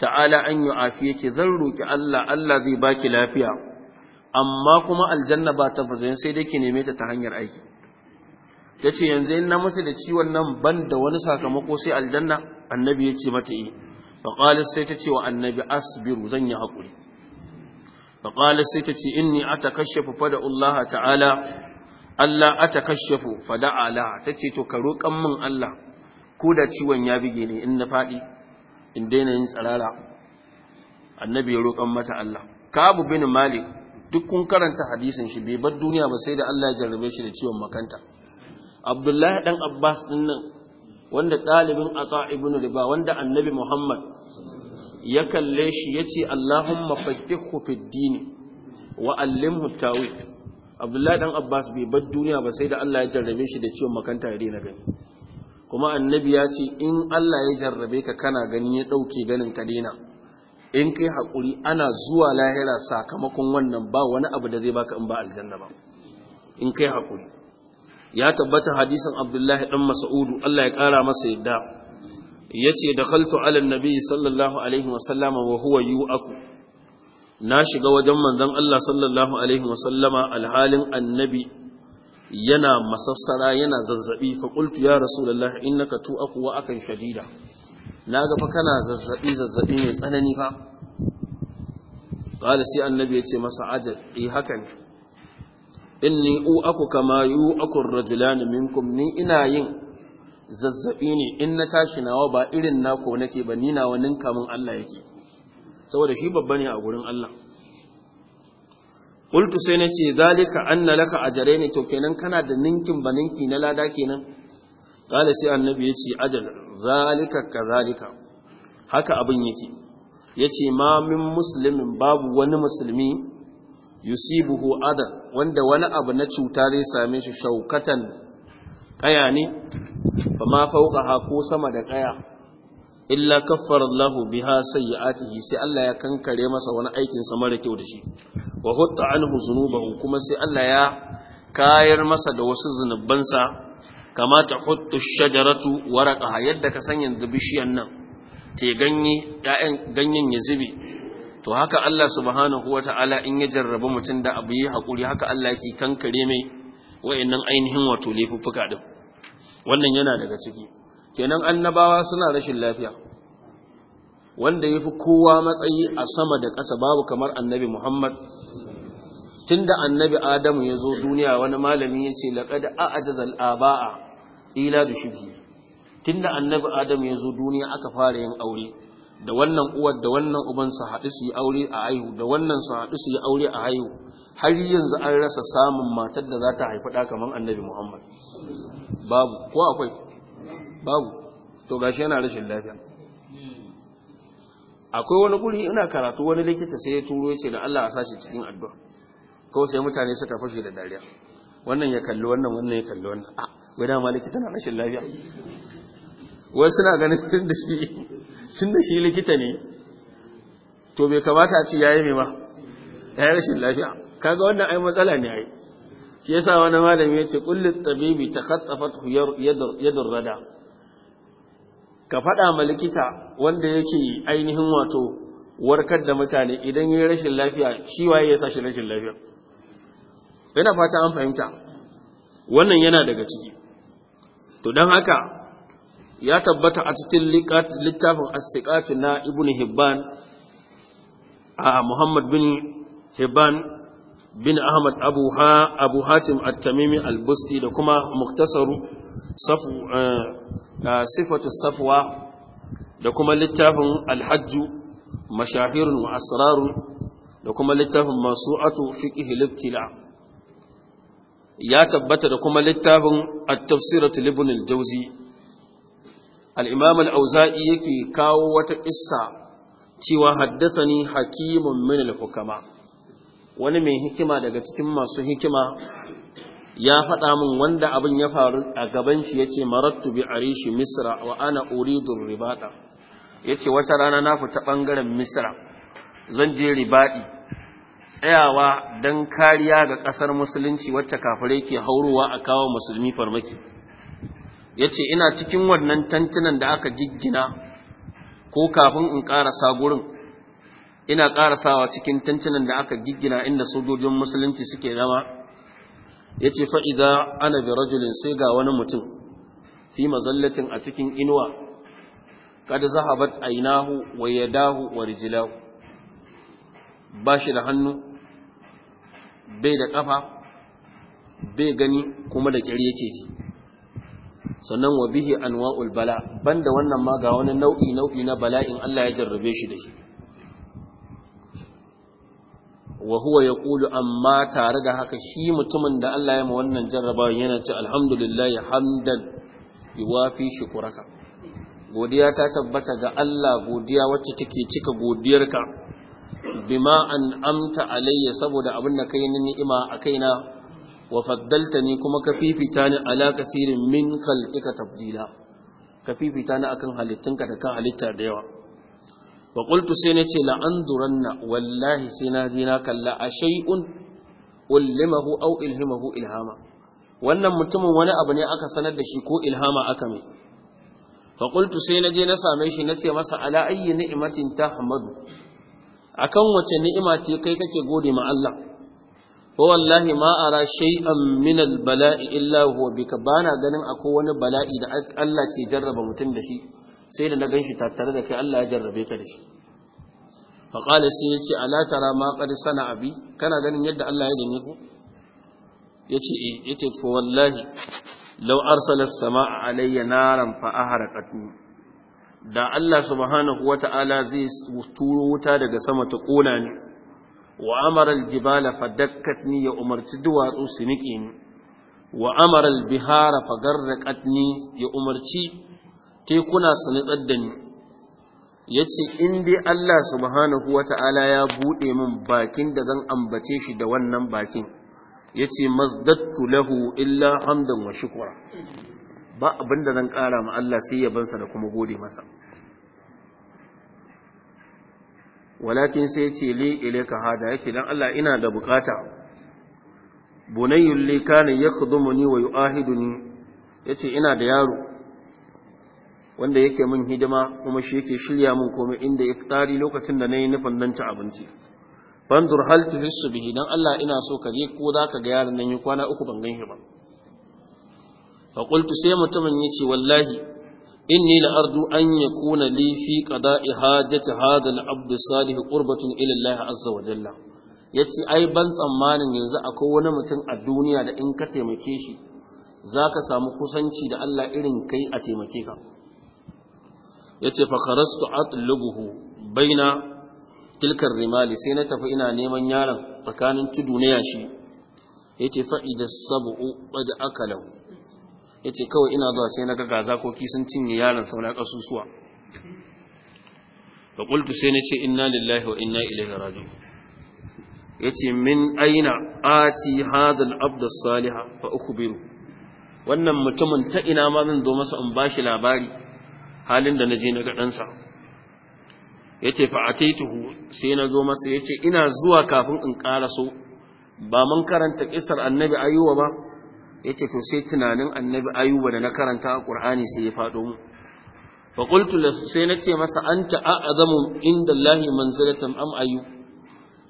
ta'ala an afiya ki zan roki Allah Allah zai baki lafiya amma kuma aljanna ba ta fazin sai dai ki neme ta ta hanyar aiki ta ce yanzu in na da ciwon nan ban da wani sakamako sai aljanna annabi ya ce mata yi eh. faƙalis sai ta ce wa annabi asibiru, zan yi haƙuri faƙalis sai ta ce ni a ta kashefu fada Allah ta'ala Allah a ta fada ala ta ce to ka roƙan min Allah ko da ciwon ya bige ne in na faɗi in daina yin tsarara. annabi ya roƙon mata Allah kabu bin malik duk kun karanta hadisin shi bai bar duniya ba sai da Allah ya jarrabe shi da ciwon makanta abdullahi dan abbas din nan wanda ɗalibin ata ibn riba wanda annabi muhammad ya kalle shi ya ce allahumma faqihu fid din wa allimhu tawil abdullahi dan abbas bai bar duniya ba sai da Allah ya jarrabe shi da ciwon makanta ya daina gani kuma annabi ya ce in Allah ya jarrabe ka kana gani ya ɗauke ganin ka daina in kai hakuri ana zuwa lahira sakamakon wannan ba wani abu da zai baka in ba aljanna ba in kai hakuri ya tabbata hadisin abdullahi ɗan mas'udu Allah ya kara masa yadda yace dakhaltu ala annabi sallallahu alaihi wasallam wa huwa aku. na shiga wajen manzon Allah sallallahu alaihi wasallama alhalin annabi yana masassara yana zazzabi fa qultu ya rasulullahi innaka katu wa akan shadida naga fa kana zazzabi zazzabi mai tsanani fa qala sai annabi yace masa ajal eh hakan inni u aku kama yu aku rajulani minkum ni ina yin zazzabi ne in na tashi nawa ba irin na nako nake ba ni nawa ninka mun Allah yake saboda shi babba ne a gurin Allah qultu sai na ce zalika anna laka ajrayn to kenan kana da ninkin ba ninki na lada kenan qala sai annabi yace ajal zalika kazalika haka abin yake yace ma min muslimin babu wani musulmi yusibuhu adal wanda wani abu na cuta zai same shi shaukatan kaya ne fa ma ha ko sama da kaya illa kaffara lahu, biha sayyi'atihi sai Allah ya kankare masa wani aikin sa mara kyau da shi wa hutta anhu zunubahu kuma sai Allah ya kayar masa da wasu zunubansa kama ta huttu shajaratu waraqaha yadda ka san yanzu bishiyan nan te ganye ganyen ya zube to haka Allah subhanahu ta'ala in ya jarraba mutum da abu yi haƙuri haka Allah yake kankare mai wa'annan ainihin wato laifuffuka din wannan yana daga ciki kenan annabawa suna rashin lafiya wanda yafi kowa matsayi a sama da ƙasa babu kamar annabi Muhammad tunda annabi Adamu ya zo duniya wani malami ya ce laqad ajazal al-aba'a ila Tun tunda annabi Adamu ya zo duniya aka fara yin aure da wannan uwar da wannan uban su haɗu su yi aure a haihu da wannan su haɗu su yi aure a haihu har yanzu an rasa samun matar da za ta haifi ɗa kamar annabi muhammad babu ko akwai babu to gashi yana rashin lafiya akwai wani guri ina karatu wani likita sai ya turo ce da Allah a sashi cikin addu'a ko sai mutane suka fashe da dariya wannan ya kalli wannan wannan ya kalli wannan a ah, gwada ma likita na rashin lafiya wasu na ganin da shi tun da shi likita ne to bai kamata a ci ya yi mai ba ya yi rashin lafiya kaga wannan ai matsala ne ai shi yasa wani malami ya ce kullum tabibi ta khattafat yadur rada ka faɗa ma likita wanda yake ainihin wato warkar da mutane idan yi rashin lafiya shi waye ya sa shi rashin lafiya yana fata an fahimta wannan yana daga ciki to don haka ya tabbata a cikin littafin as na ibn hibban a muhammad bin hibban bin ahmad abu hatim at-tamimi al-busti da kuma muktasaru eh, eh, sifatu safwa da kuma littafin al-hajju mashahirun wa asrarun da kuma littafin masu'atu fiqh al ya tabbata da kuma littafin at-tafsiratu libn al-jawzi al-imam al-auza'i yake kawo wata kissa cewa haddathani hakimun min al-hukama wani mai hikima daga cikin masu hikima ya faɗa min wanda abin ya faru a gaban shi yace marattu bi arishi misra wa ana uridu ribada wata rana na fita ɓangaren misra zan je ribadi tsayawa dan kariya ga ƙasar musulunci wacce kafirai ke haurowa a kawo musulmi farmaki Ya ce ina cikin wannan tantunan da aka giggina ko kafin in karasa gurin ina karasawa cikin tantunan da aka giggina inda sojojin musulunci suke zama yace fa idza ana bi rajulin sai ga wani mutum fi mazallatin a cikin inuwa kada zahabat ainahu wa dahu wa Ba shi da hannu bai da ƙafa, bai gani kuma da kyar yake ji. sannan wa bihi anwa'ul bala banda wannan ma ga wani nau'i nau'i na bala'in Allah ya jarrabe shi da shi wa huwa yaqulu amma tare da haka shi mutumin da Allah ya ma wannan jarraba yana ce alhamdulillahi hamdan yuwafi shukuraka godiya ta tabbata ga Allah godiya wacce take cika godiyarka bima an amta alayya saboda abin da kai ni'ima a kaina wa ne kuma ka fifita ni ala kasirin min khalqika tabdila ka fifita ni akan halittunka da kan halitta da yawa wa qultu sai ce la anduranna wallahi sai na je na kalla a shay'un ullimahu aw ilhimahu ilhama wannan mutumin wani abu ne aka sanar da shi ko ilhama aka mai fa qultu sai na je na same shi nace masa ala ayyi ni'matin tahmadu akan wace ni'ima ce kai kake gode ma Allah wa wallahi ma ara shay'an balai illa huwa bika bana ganin akwai wani bala'i da Allah ke jarraba mutum da shi sai da na ganshi tattare da kai Allah ya jarrabe ka da shi fa qala sai yace ala tara ma qad sana abi kana ganin yadda Allah ya dame ku yace eh yace fa wallahi law arsala as-samaa alayya naran fa aharaqatni da Allah subhanahu wata'ala zai turo wuta daga sama ta kona ni wa amara aljibala dakkatni ya umarci duwatsu su nike ni wa amara albihara garraqatni ya umarci tekuna su nitsar da ni yace in dai Allah subhanahu wata'ala ya bude min bakin da zan ambace shi da wannan bakin yace mazdattu lahu illa hamdan wa shukura ba abinda zan kara ma Allah sai ya yabansa da kuma gode masa walakin sai ce li ilaika hada yace dan Allah ina da bukata bunayyul li yakhdumuni wa yu'ahiduni yace ina da yaro wanda yake min hidima kuma shi yake shirya min komai inda iftari lokacin da nayi nufin dan ci abinci fandur hal tuhissu bihi dan Allah ina so ka je ko zaka ga yaron nan yi kwana uku ban gan shi ba fa qultu sai mutumin yace wallahi inni la arju an yakuna li fi qada'i hajati hadha al-abd salih qurbatun ila Allah jalla yace ai ban tsammanin yanzu akwai wani mutum a duniya da in ka taimake shi zaka samu kusanci da Allah irin kai a taimake ka yace fa kharastu atlubuhu baina tilkar rimali sai na tafi ina neman yaron tsakanin tudu na yashi yace fa idas sab'u qad akalahu ya ce kawai ina zuwa sai na ga zakoki sun cinye yaron sauna ƙasusuwa da ƙultu sai na ce ina lillahi wa inna ilaihi rajo. ya ce min aina ati hadal abdus saliha fa ukhbiru wannan mutumin ta ina ma zan zo masa in bashi labari halin da naje na ga ɗansa ya ce fa'ataituhu sai na zo masa ya ce ina zuwa kafin in so. ba mun karanta ƙisar annabi ayyuwa ba yace to sai tunanin annabi ayuba da na karanta a ƙur'ani sai ya faɗo mu fa qultu sai na ce masa anta a'zamu inda allahi manzilatan am ayu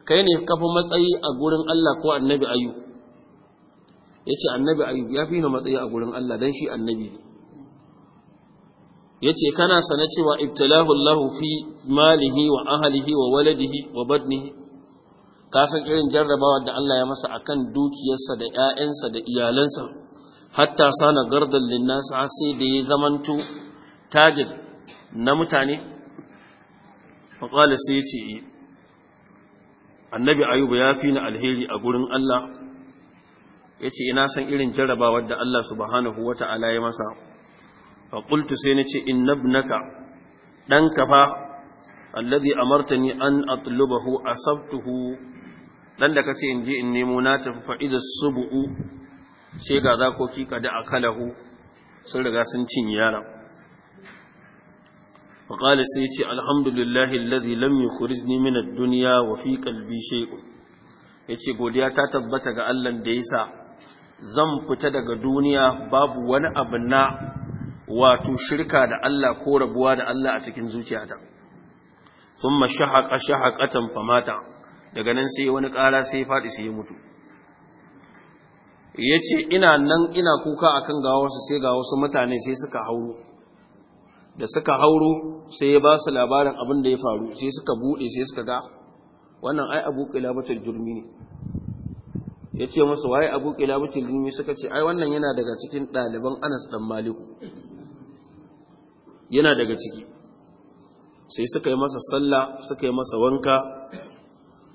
kai ne kafa matsayi a gurin Allah ko annabi ayu yace annabi ayu ya fi ni matsayi a gurin Allah dan shi annabi yace kana sana cewa ibtalahu Allahu fi malihi wa ahlihi wa waladihi wa badnihi ka san irin jarrabawa da Allah ya masa akan dukiyarsa da 'ya'yansa da iyalansa hatta sana gardan linnas sai da ya zamanto tajid na mutane fa qala sai ya ce eh, annabi ayuba ya fi ni alheri a gurin Allah yace ina san irin jarrabawa da Allah subhanahu wata'ala ya masa fa qultu sai nace innabnaka danka fa alladhi amartani an atlubahu asabtuhu dan da kace in je in nemo na tafi fa idza subu sai ga zakoki kada akalahu sun riga sun cinye yara. wa qala sai ce alhamdulillahi alladhi lam yukhrijni min ad-dunya wa fi qalbi shay'un yace godiya ta tabbata ga Allah da yasa zan fita daga duniya babu wani abu na wato shirka da Allah ko rabuwa da Allah a cikin zuciyata thumma shahaqa shahaqatan famata daga nan sai wani ƙara sai faɗi sai ya mutu ya ce ina nan ina kuka akan ga wasu sai ga wasu mutane sai suka hauro da suka hauro sai ya ba su labarin abin da ya faru sai suka buɗe sai suka ga wannan ai abu kilabatul jurmi ne ya ce musu waye abu kilabatul jurmi suka ce ai wannan yana daga cikin ɗaliban anas ɗan maliku yana daga ciki sai suka yi masa sallah suka yi masa wanka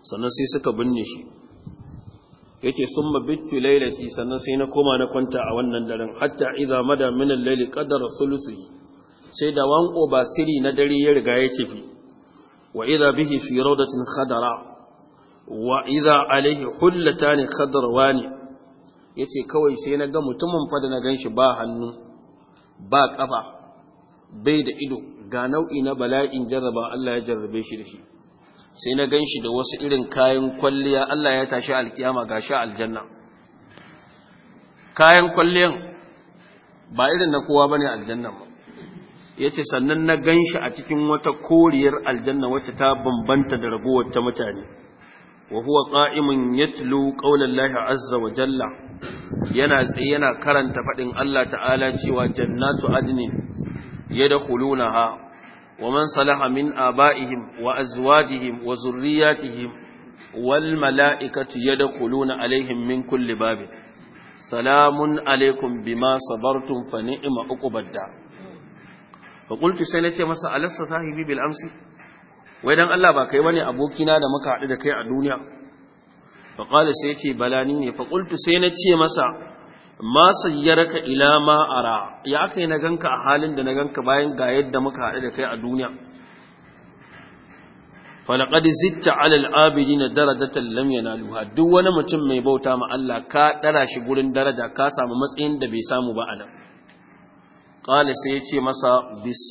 sannan sai suka binne shi yace summa bitu lailati sannan sai na koma na kwanta a wannan daren hatta iza mada min al-layli qadara sai da wanko ba siri na dare ya riga ya tafi wa idza bihi fi rawdatin khadara wa idza alayhi hullatan Ya yace kawai sai na ga mutumin fa da na shi ba hannu ba kafa bai da ido ga nau'i na bala'in jarraba Allah ya jarrabe shi da shi sai na gan shi da wasu irin kayan kwalliya Allah ya tashi alkiyama ga sha aljanna kayan kwalliyan ba irin na kowa ba ne aljanna ba ya ce sannan na gan shi a cikin wata koriyar aljanna wacce ta bambanta da ragowar ta mutane qa'imun yatlu يتلو قول Azza wa Jalla yana tsaye yana karanta fadin Allah ta'ala cewa jannatu adnin yadkhulunaha ومن صلح من آبائهم وأزواجهم وزرياتهم والملائكة يدخلون عليهم من كل باب سلام عليكم بما صبرتم فنعم عقب الدار فقلت سنة مساء ألست صاحبي بالأمس وإذن الله با kai أبوكينا abokina da muka haɗu فقال سيتي بلانيني فقلت سنة مساء ma sayyaraka ila ma ara ya kai na ganka a halin da na ganka bayan ga yadda muka haɗu da kai a duniya falaqad zitta ala al-abidin darajatan lam yanaluha duk wani mutum mai bauta ma Allah ka dara shi gurin daraja ka samu matsayin da bai samu ba anan qala sai ce masa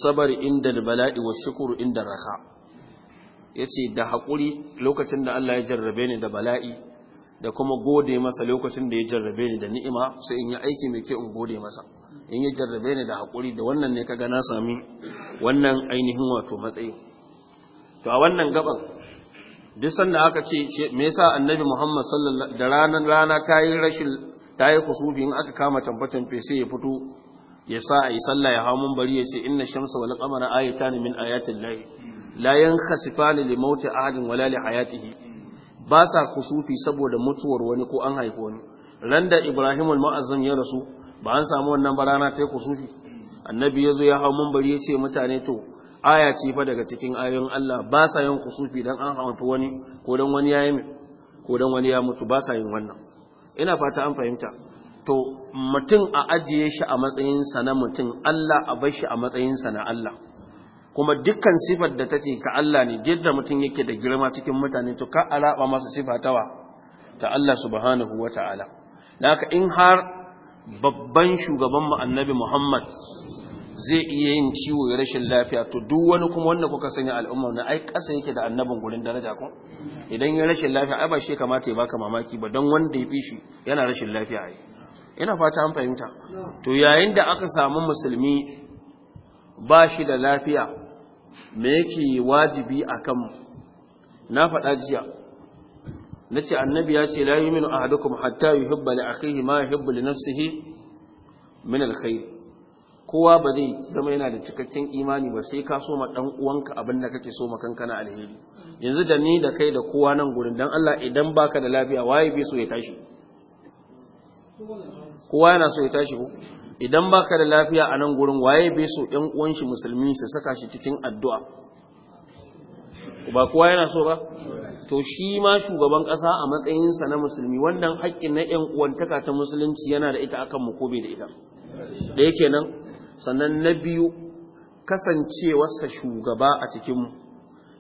sabr inda al-bala'i wa shukr inda raha yace da hakuri lokacin da Allah ya jarrabe ni da bala'i da kuma gode masa lokacin da ya jarrabe ni da ni'ima sai in yi aiki mai kyau in gode masa in ya jarrabe ni da haƙuri da wannan ne kaga na sami wannan ainihin wato matsayi to a wannan gaban duk sanda aka ce me yasa annabi Muhammad sallallahu da ranar rana tayi rashin tayi kusufi in aka kama tambatan sai ya fito ya sa ayi sallah ya hamun bari ya ce inna shamsa wal qamara ayatan min ayatil layi. la yankhasifani li mauti ahadin wala li hayatihi ba sa kusufi saboda mutuwar wani ko an haifi wani Randa da ibrahim al maazin ya rasu ba an samu wannan barana ta kusufi annabi ya zo ya hau mambari ya ce mutane to aya ce fa daga cikin ayoyin Allah ba sa yin kusufi dan an haifi wani ko dan wani ya yi ko dan wani ya mutu ba sa yin wannan ina fata an fahimta to mutum a ajiye shi a matsayinsa na mutum Allah a bar shi a matsayinsa na Allah kuma dukkan sifar da ta take ka Allah ne yadda mutum yake da girma cikin mutane to ka alaba masa sifa tawa ta Allah subhanahu wataala naka in har babban shugaban mu annabi Muhammad zai iya yin ciwo ya rashin lafiya to duk wani kuma wanda kuka sanya al'umma na ai kasa yake da annabin gurin daraja ko idan ya rashin lafiya ai ba shi kamata ya baka mamaki ba dan wanda ya fi yana rashin lafiya ai ina fata an fahimta to yayin da aka samu musulmi ba shi da lafiya me yake wajibi a kanmu na faɗa jiya na ce annabi ya ce la min ahadukum hatta da aka yi ma yuhibbu li nafsihi min alkhair kowa ba zai zama yana da cikakken imani ba sai ka soma ɗan'uwanka uwanka abin da kake so kankana alheri yanzu da ni da kai da kowa nan gurin dan Allah idan baka da lafiya waye bai so ya tashi kowa yana so ya tashi ko idan baka da lafiya a nan gurin waye bai so ɗan uwanshi shi musulmi su saka shi cikin addu'a ba kowa yana so ba to shi ma shugaban ƙasa a matsayinsa na musulmi wannan haƙƙin na ‘yan uwantaka ta musulunci yana da ita akan makobe da ita da yake nan sannan na biyu kasancewarsa shugaba a cikinmu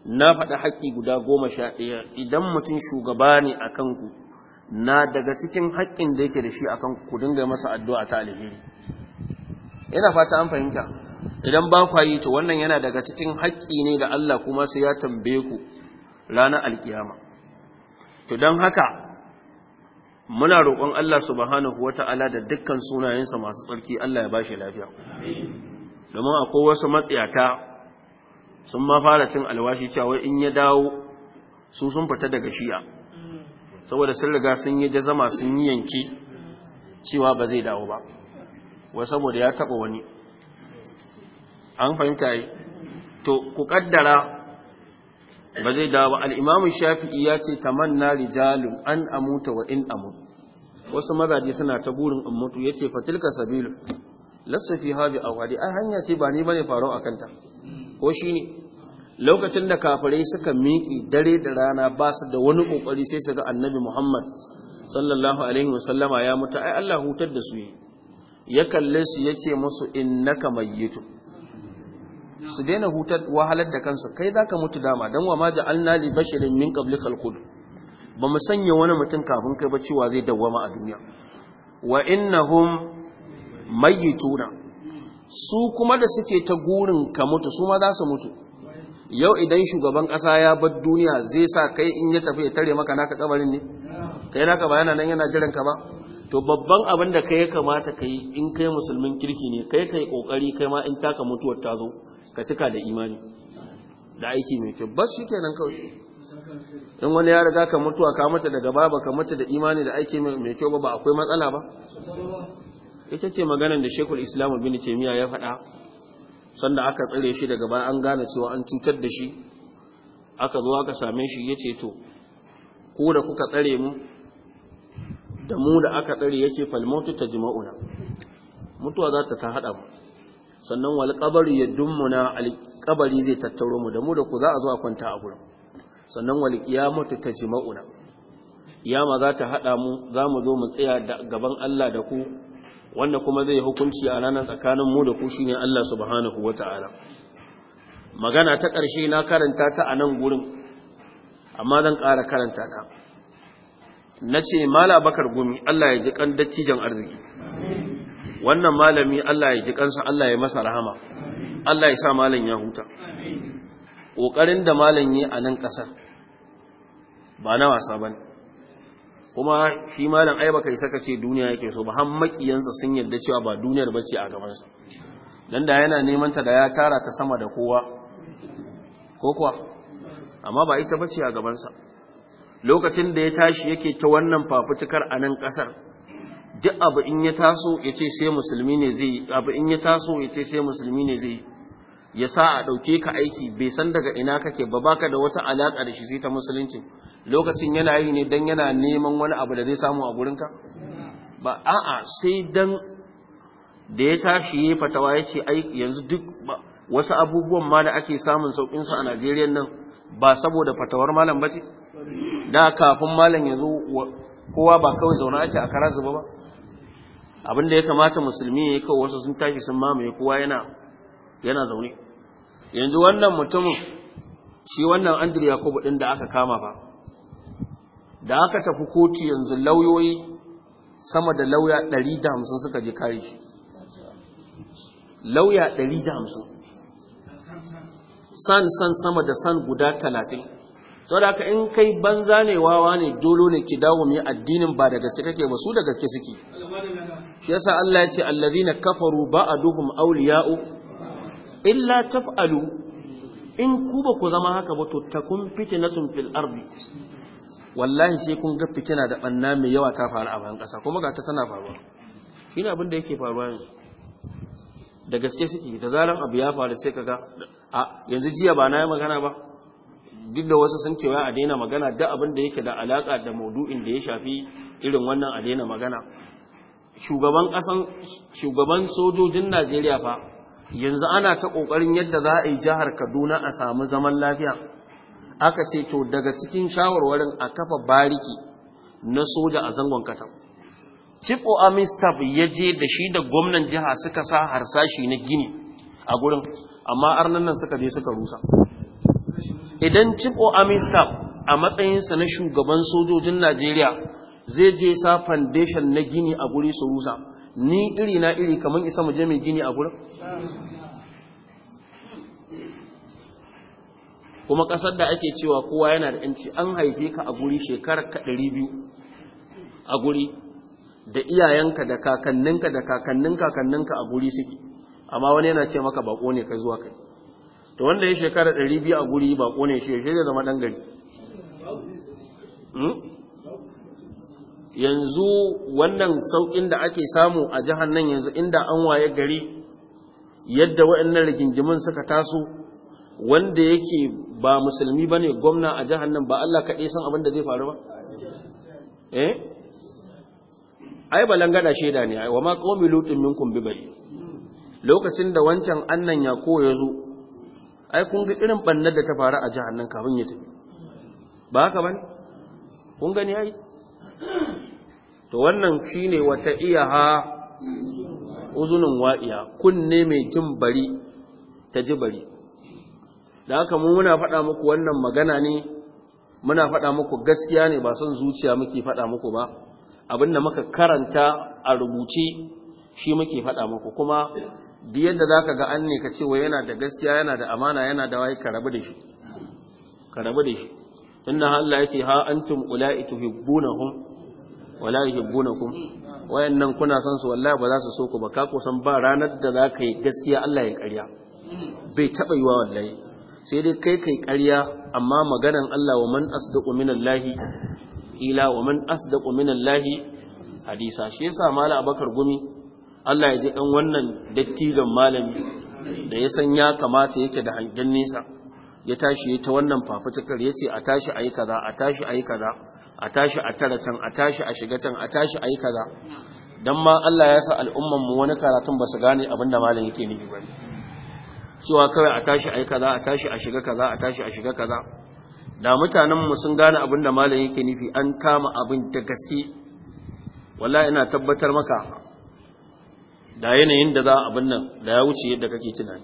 na faɗa haƙƙi guda goma sha ɗaya idan mutum shugaba ne a kanku na daga cikin haƙƙin da yake da shi a kanku ku dinga masa addu'a ta alheri ina fata an fahimta idan ba kwa yi to wannan yana daga cikin haƙƙi ne ga Allah kuma sai ya tambaye ku ranar alkiyama to dan haka muna roƙon Allah subhanahu wata'ala da dukkan sunayensa masu tsarki Allah ya bashi lafiya domin akwai wasu matsiyata sun ma fara cin alwashi cewa in ya dawo su sun fita daga shi'a saboda sun riga sun yi jazama sun yi yanki cewa ba zai dawo ba wa saboda ya taba wani an fahimta yi to ku kaddara ba zai dawo al'imamun shafi'i ya ce ta manna rijalun an amuta wa in amu wasu mazaje suna ta burin amutu mutu ya ce fatilka sabilu lassa fi a wadi a hanya ce ba ni ba ne faru a kanta ko shi ne lokacin da kafirai suka miƙi dare da rana ba su da wani ƙoƙari sai su ga annabi muhammad sallallahu alaihi wasallama ya mutu ai allah hutar da su yi ya kalle su ya ce musu in yi mayyitu su daina hutar wahalar da kansu kai za ka mutu dama don wa ma an nali bashirin min kabli kalkudu ba mu sanya wani mutum kafin kai ba cewa zai dawwama a duniya wa innahum mayyituna su kuma da suke ta gurin ka mutu su ma za su mutu yau idan shugaban ƙasa ya bar duniya zai sa kai in ya tafi ya tare maka naka kabarin ne kai naka ba yana nan yana jiran ka ba to babban abin da kai ya kamata kai in kai musulmin kirki ne kai kai kokari kai ma in taka mutuwar ta zo ka cika da imani da aiki mai kyau bas shikenan kawai in wani ya riga ka mutuwa ka mata daga baba ka mata da imani da aiki mai kyau ba ba akwai matsala ba ita ce maganar da Sheikhul Islam bin Taymiyyah ya faɗa sanda aka tsare shi daga baya an gane cewa an cutar da shi aka zo aka same shi ya ce to ko da kuka tsare mu da mu da aka tsare ya ce falmautu ta jima'una mutuwa za ta ta haɗa mu sannan wal kabari ya dummuna alkabari zai tattaro mu da mu da ku za a zo a kwanta a gurin sannan wal kiyamatu ta jima'una yama za ta haɗa mu za mu zo mu tsaya gaban Allah da ku wanda kuma zai hukunci a ranar tsakanin mu da ku ne Allah subhanahu Ta'ala. magana ta ƙarshe na karanta ta a nan gurin amma zan ƙara karanta ta na ce mala bakar gumi Allah ya ji dattijan arziki wannan malami Allah ya ji kansa Allah ya masa rahama Allah ya sa malam ya huta ƙoƙarin da malam yi a nan ƙasar ba na wasa ba ne kuma shi malam ai baka isa kace duniya yake so ba har makiyansa sun yarda cewa ba duniyar bace a gaban sa dan da yana neman ta da ya tara ta sama da kowa ko kuwa amma ba ita bace a gaban sa lokacin da ya tashi yake ta wannan fafutukar a nan kasar duk abu in ya taso yace sai musulmi ne zai abu in ya taso yace sai musulmi ne zai ya sa a ɗauke ka aiki bai san daga ina kake ba baka da wata alaƙa da shi sai ta musulunci lokacin yana yi ne don yana neman wani abu da zai samu a gurinka ba a'a sai dan da ya tashi ya fatawa ya ce yanzu duk wasu abubuwan ma da ake samun sauƙinsu a najeriya nan ba saboda fatawar malam ba ce da kafin malam ya kowa ba kawai zaune ake a kara ba abin da ya kamata musulmi ya yi kawai wasu sun tashi sun mamaye kowa yana zaune yanzu wannan mutumin shi wannan andrew yakubu ɗin da aka kama ba da aka tafi kotu yanzu lauyoyi sama da lauya 150 suka je kare shi lauya 150 san san sama da san guda 30 saboda haka in kai banza ne wawa ne dolo ne ki dawo mai addinin ba da gaske kake ba su da gaske suke shi yasa Allah ya ce allazina kafaru ba'aduhum awliya'u illa taf'alu in ku ba ku zama haka ba to takun fitnatun fil ardi wallahi sai kun ga fitina da banna mai yawa ta faru a bayan kasa kuma ga ta tana faruwa shine abin da yake faruwa yanzu da gaske suke da zaran abu ya faru sai kaga a yanzu jiya ba na yi magana ba duk da wasu sun cewa a daina magana da abin da yake da alaka da maudu'in da ya shafi irin wannan a daina magana shugaban kasan shugaban sojojin Najeriya fa yanzu ana ta ƙoƙarin yadda za a yi jihar kaduna a samu zaman lafiya aka ce to daga cikin shawarwarin a kafa bariki na soja a zangon katam cifo amistab ya je da shi da gwamnan jiha suka sa harsashi na gini a gurin amma arnan nan suka je suka rusa idan cifo amistab a matsayinsa na shugaban sojojin najeriya zai je sa foundation na gini a guri su rusa ni iri na iri kamar isa mu je mai gini a gurin kuma kasar da ake cewa kowa yana da yanci an haife ka a guri shekarar ka 200 a guri da iyayenka da kakanninka da kakannin kakanninka a guri suke amma wani yana ce maka bako ne kai zuwa kai to wanda ya shekara 200 a guri bako ne shi ya zama dan gari hmm? yanzu wannan saukin da ake samu a jihar nan yanzu inda an waye gari yadda waɗannan rigingimin suka taso wanda yake ba musulmi bane gwamna a jihar nan ba Allah kaɗai san abin da zai faru ba eh ai balangada shaida ne ai wa ma qaumi lutin minkum bai. lokacin da wancan annan ya ya zo ai kun ga irin bannar da ta faru a jihar nan kafin ya tafi ba haka ne? kun gani ai to wannan shi ne wata iyaha uzunin wa'iya kunne mai jin bari ta ji bari da haka mu muna faɗa muku wannan magana ne muna faɗa muku gaskiya ne ba son zuciya muke faɗa muku ba abinda muka karanta a rubuce shi muke faɗa muku kuma duk yadda za ka ga an ne ka ce wa yana da gaskiya yana da amana yana da wayi ka rabu da shi ka da shi Allah ya ce ha antum ula'i tuhibbunahum wala yuhibbunakum wayannan kuna san su wallahi ba za su so ku ba ka san ba ranar da za ka yi gaskiya Allah ya karya. bai taba yiwa wallahi sai dai kai kai karya, amma maganan Allah wa man asdaqu minallahi ila wa man asdaqu minallahi hadisa shi yasa mala abakar gumi Allah ya ji dan wannan dattijan malami da ya san ya kamata yake da hangen nesa ya tashi ta wannan fafutukar ya ce a tashi a yi kaza a tashi a kaza a tashi a tara can a tashi a shiga can a tashi a yi kaza don ma Allah ya sa al'umman mu wani karatun ba su gane abin da malam yake nufi ba cewa kawai a tashi a yi kaza a tashi a shiga kaza a tashi a shiga kaza da mutanenmu sun gane abin da malam yake nufi an kama abin da gaske wallahi ina tabbatar maka da yanayin da za abin nan da ya wuce yadda kake tunani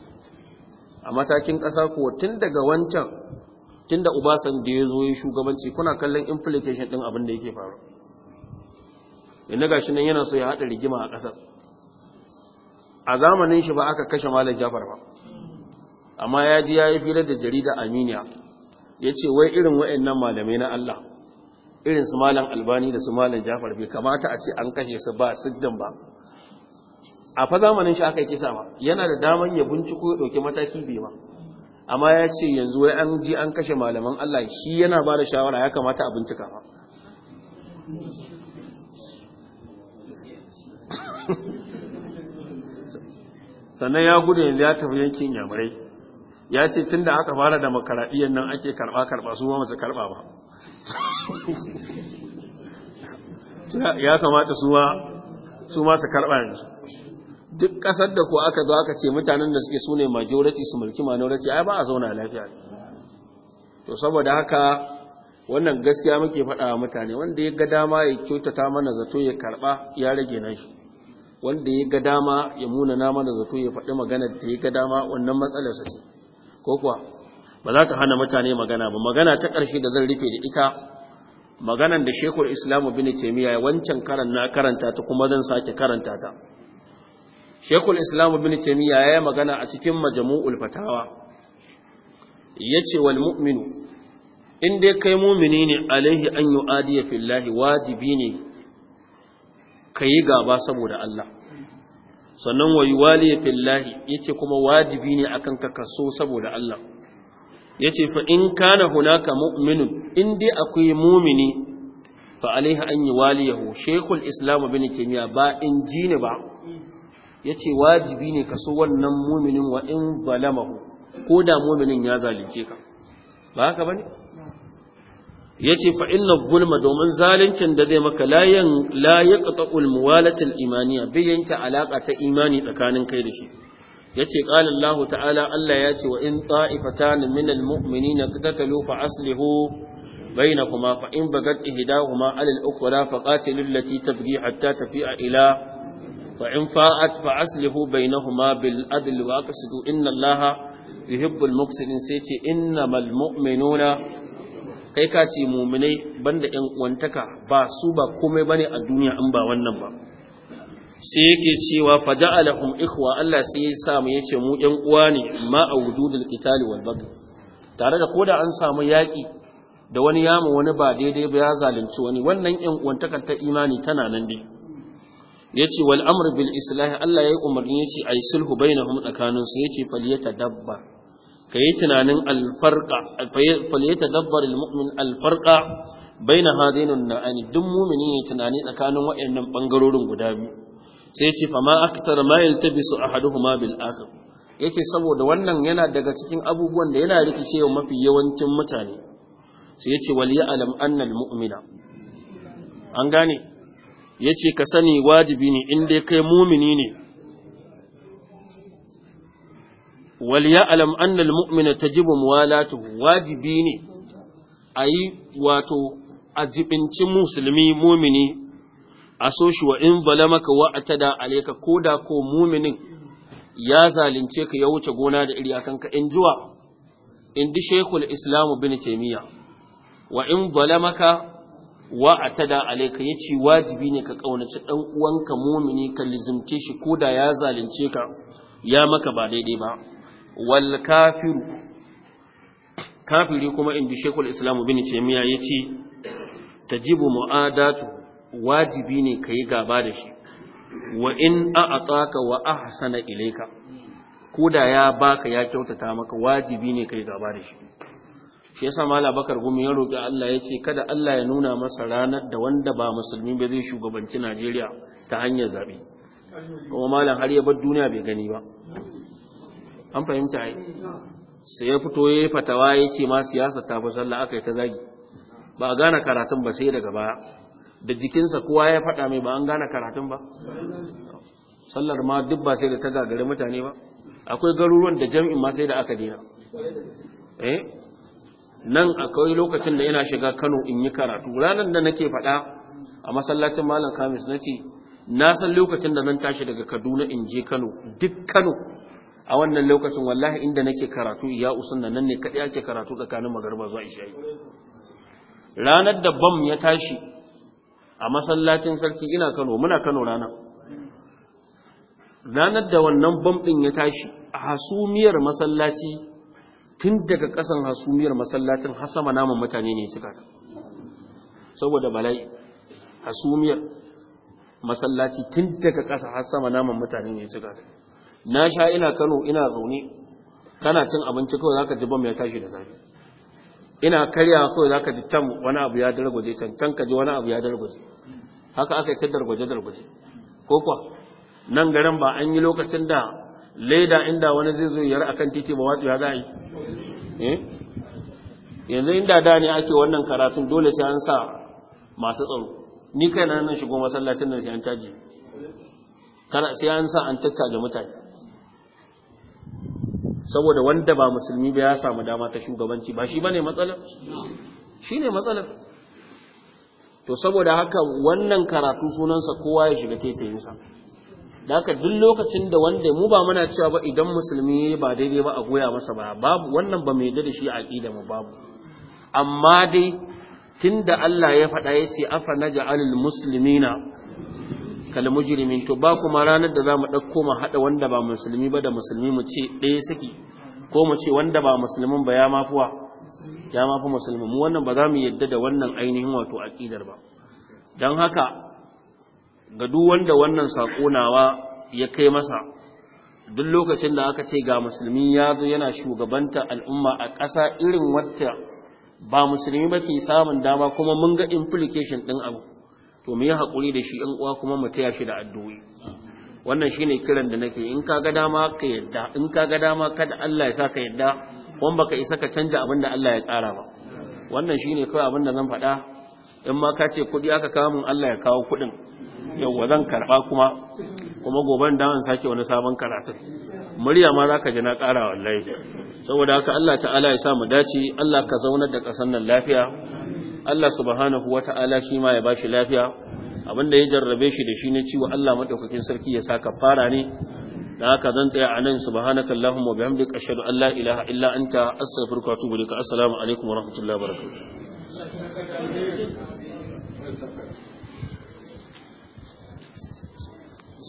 a matakin ƙasa ko tun daga wancan tunda Ubasan da ya zo ya shugabanci kuna kallon implication ɗin abin da yake faru inda shi nan yana so ya haɗa rigima a ƙasar a zamanin shi ba aka kashe malam Jafar ba amma ya ji ya yi filar da jarida Aminiya ya ce wai irin nan malamai na Allah irin su malam Albani da su malam Jafar bai kamata a ce an kashe su ba siddan ba a fa zamanin shi aka yi kisa ba yana da daman ya binciko ya ɗauki mataki bai ba amma ya ce yanzu wai an ji an kashe malaman Allah shi yana ba da shawara ya kamata a bincika ba sannan ya gudu yanzu ya tafi yankin yamurai ya ce tun da aka fara da makaraɗiyan nan ake karɓa-karɓa su ma su karɓa ba ya kamata su ma su karɓa yanzu duk ƙasar da ko aka zo aka ce mutanen da suke su ne majority su mulki minority ai ba a zauna lafiya to saboda haka wannan gaskiya muke faɗa wa mutane wanda ya ga dama ya kyautata mana zato ya karɓa ya rage nan shi wanda ya ga dama ya munana mana zato ya faɗi magana da ya ga dama wannan matsalarsa ce ko kuwa ba za ka hana mutane magana ba magana ta ƙarshe da zan rufe da ita maganan da shekul islamu bin taimiyya wancan karanta ta kuma zan sake karanta ta shekul islam bin taimiyya ya yi magana a cikin majmu'ul fatawa yace wal mu'minu in dai kai mu'mini ne alaihi an yu'adiya fillahi wajibi ne Ka yi gaba saboda Allah sannan wa yuwali fillahi yace kuma wajibi ne akan ka kaso saboda Allah yace fa in kana hunaka ka in dai akwai mu'mini fa alaihi an yuwaliyahu shekul islam bin taimiyya ba in ji ne ba yace wajibi ne ka so wannan mu'minin wa in zalamahu ko da mu'minin ya zalunce ka ba haka bane yace fa inna gulma domin zaluncin da zai maka layan la yaqta'ul muwalatul imaniya bai yanke alaka ta imani tsakanin kai da shi yace qala lahu ta'ala Allah ce wa in ta'ifatan minal mu'minina qatatalu fa aslihu bainakuma fa in bagat ihdahuma kuma al ukura fa qatilul lati tabghi hatta tafi'a ila fa in bai fa aslihu bainahuma bil adl wa aqsidu inna allaha yuhibbul sai ce kai ka ce mu'minai banda yan uwantaka ba su ba komai bane a duniya an ba wannan ba sai yake cewa fa al'ahum ikhwa Allah sai ya sa mu yace mu yan uwa ne ma a wujudul qitali wal tare da koda an samu yaki da wani yamu wani ba daidai ba ya zalunci wani wannan yan uwantaka ta imani tana nan dai yace wal amr bil islah Allah ya umarni yace ay sulhu bainahum tsakanin su yace dabba kayi tunanin al farqa dabbar al mu'min al farqa baina hadin an na'ani duk mu'mini ya tunani tsakanin wayannan bangarorin guda biyu sai yace ma aktar ma yaltabisu ahaduhuma bil akhar yace saboda wannan yana daga cikin abubuwan da yana rikicewa mafi yawancin mutane sai yace wal ya'lam anna al mu'mina an gane ya ce ka sani wajibi ne inda kai mumini ne waliya alam annal mu'mina tajibu muwalatu wajibi ne a yi wato a jibinci musulmi mumini a so shi wa in balamaka wa a tada koda ko da ko muminin ya zalunce ka ya wuce gona da iri akan ka in juwa in di shekul islamu bin taimiyya wa in balamaka wa alaika ya yace wajibi ne ka ƙaunaci ɗan'uwanka uwanka mumini ka lizumce shi koda ya zalunce ka ya maka ba daidai ba wal kafiru kafiri kuma inji shekul islam bin ce, ta jibu mu'adatu wajibi ne ka yi gaba da shi wa in tsaka wa ahsana ko koda ya baka ya kyautata maka wajibi ne ka yi gaba da shi shi yasa mala bakar gumi ya roƙi Allah ya ce kada Allah ya nuna masa ranar da wanda ba musulmi ba zai shugabanci Najeriya ta hanyar zaɓe kuma malam har ya bar duniya bai gani ba an fahimta ai sai ya fito ya fatawa ya ce ma siyasa ta Sallah aka yi ta zagi ba a gane karatun ba sai daga baya da jikinsa kowa ya faɗa mai ba an gane karatun ba sallar ma duk ba sai da ta gagare mutane ba akwai garuruwan da jam'in ma sai da aka dina eh nan akwai lokacin da yana shiga Kano in yi karatu ranar da nake faɗa a masallacin Malam Kamis nace na san lokacin da nan tashi daga Kaduna in je Kano duk Kano a wannan lokacin wallahi inda nake karatu ya da nan ne kadai ake karatu tsakanin magarba zuwa isha'i ranar da bam ya tashi a masallacin sarki ina Kano muna Kano rana ranar da wannan bam din ya tashi a hasumiyar masallaci tun daga ƙasan hasumiyar masallacin hasama naman mutane ne cika ta saboda bala'i hasumiyar masallaci tun daga ƙasa hasama naman mutane ne cika ta na sha ina kano ina zaune kana cin abinci kawai zaka ji bam ya tashi da safe ina karya kawai zaka ji tam wani abu ya dargwaje can can ka ji wani abu ya dargwaje haka aka yi ta dargwaje dargwaje ko kuwa nan garin ba an yi lokacin da leda inda wani zai zo yar akan titi ba watsi ya za yi eh? yanzu inda da ne ake wannan karatun dole sai an sa masu tsaro ni kai na nan shigo masallacin nan sai an caji sai an sa an da mutane saboda wanda ba musulmi ba ya samu dama ta shugabanci ba shi bane matsalar ne matsalar to saboda haka wannan karatu sunansa kowa ya shiga taitayinsa da haka duk lokacin da wanda mu ba muna cewa ba idan musulmi ba daidai ba a goya masa ba babu wannan ba mai da shi a aqida mu babu amma dai tunda Allah ya faɗa yace afa naj'alul muslimina kal mujrimin to ba kuma ranar da zamu dauko mu hada wanda ba musulmi ba da musulmi mu ce ɗaya saki ko mu ce wanda ba musulmin ba ya mafuwa ya mafi musulmi mu wannan ba za mu yadda da wannan ainihin wato aqidar ba don haka ga duk wanda wannan sako ya kai masa duk lokacin da aka ce ga musulmi ya zo yana shugabanta al'umma a ƙasa irin wata ba musulmi ba ke samun dama kuma mun ga implication ɗin abu to mu yi haƙuri da shi in uwa kuma mu taya shi da addu'o'i wannan shine kiran da nake in ka ga dama ka yadda in ka ga dama kada Allah ya sa yadda kuma baka isa ka canja abin da Allah ya tsara ba wannan shine kawai abin da zan faɗa in ma ka ce kuɗi aka kawo mun Allah ya kawo kuɗin yawwa zan karba kuma kuma goban da an sake wani sabon karatun murya ma zaka ji na ƙara wallahi saboda haka Allah ta'ala ya sa mu dace Allah ka zaunar da ƙasar nan lafiya Allah subhanahu wata'ala shi ma ya bashi lafiya da ya jarrabe shi da shi ne ciwo Allah madaukakin sarki ya saka fara ne da haka zan tsaya a nan subhanaka allahumma bihamdika ashhadu an la ilaha illa anta astaghfiruka wa atubu ilaik assalamu alaikum wa rahmatullahi wa barakatuh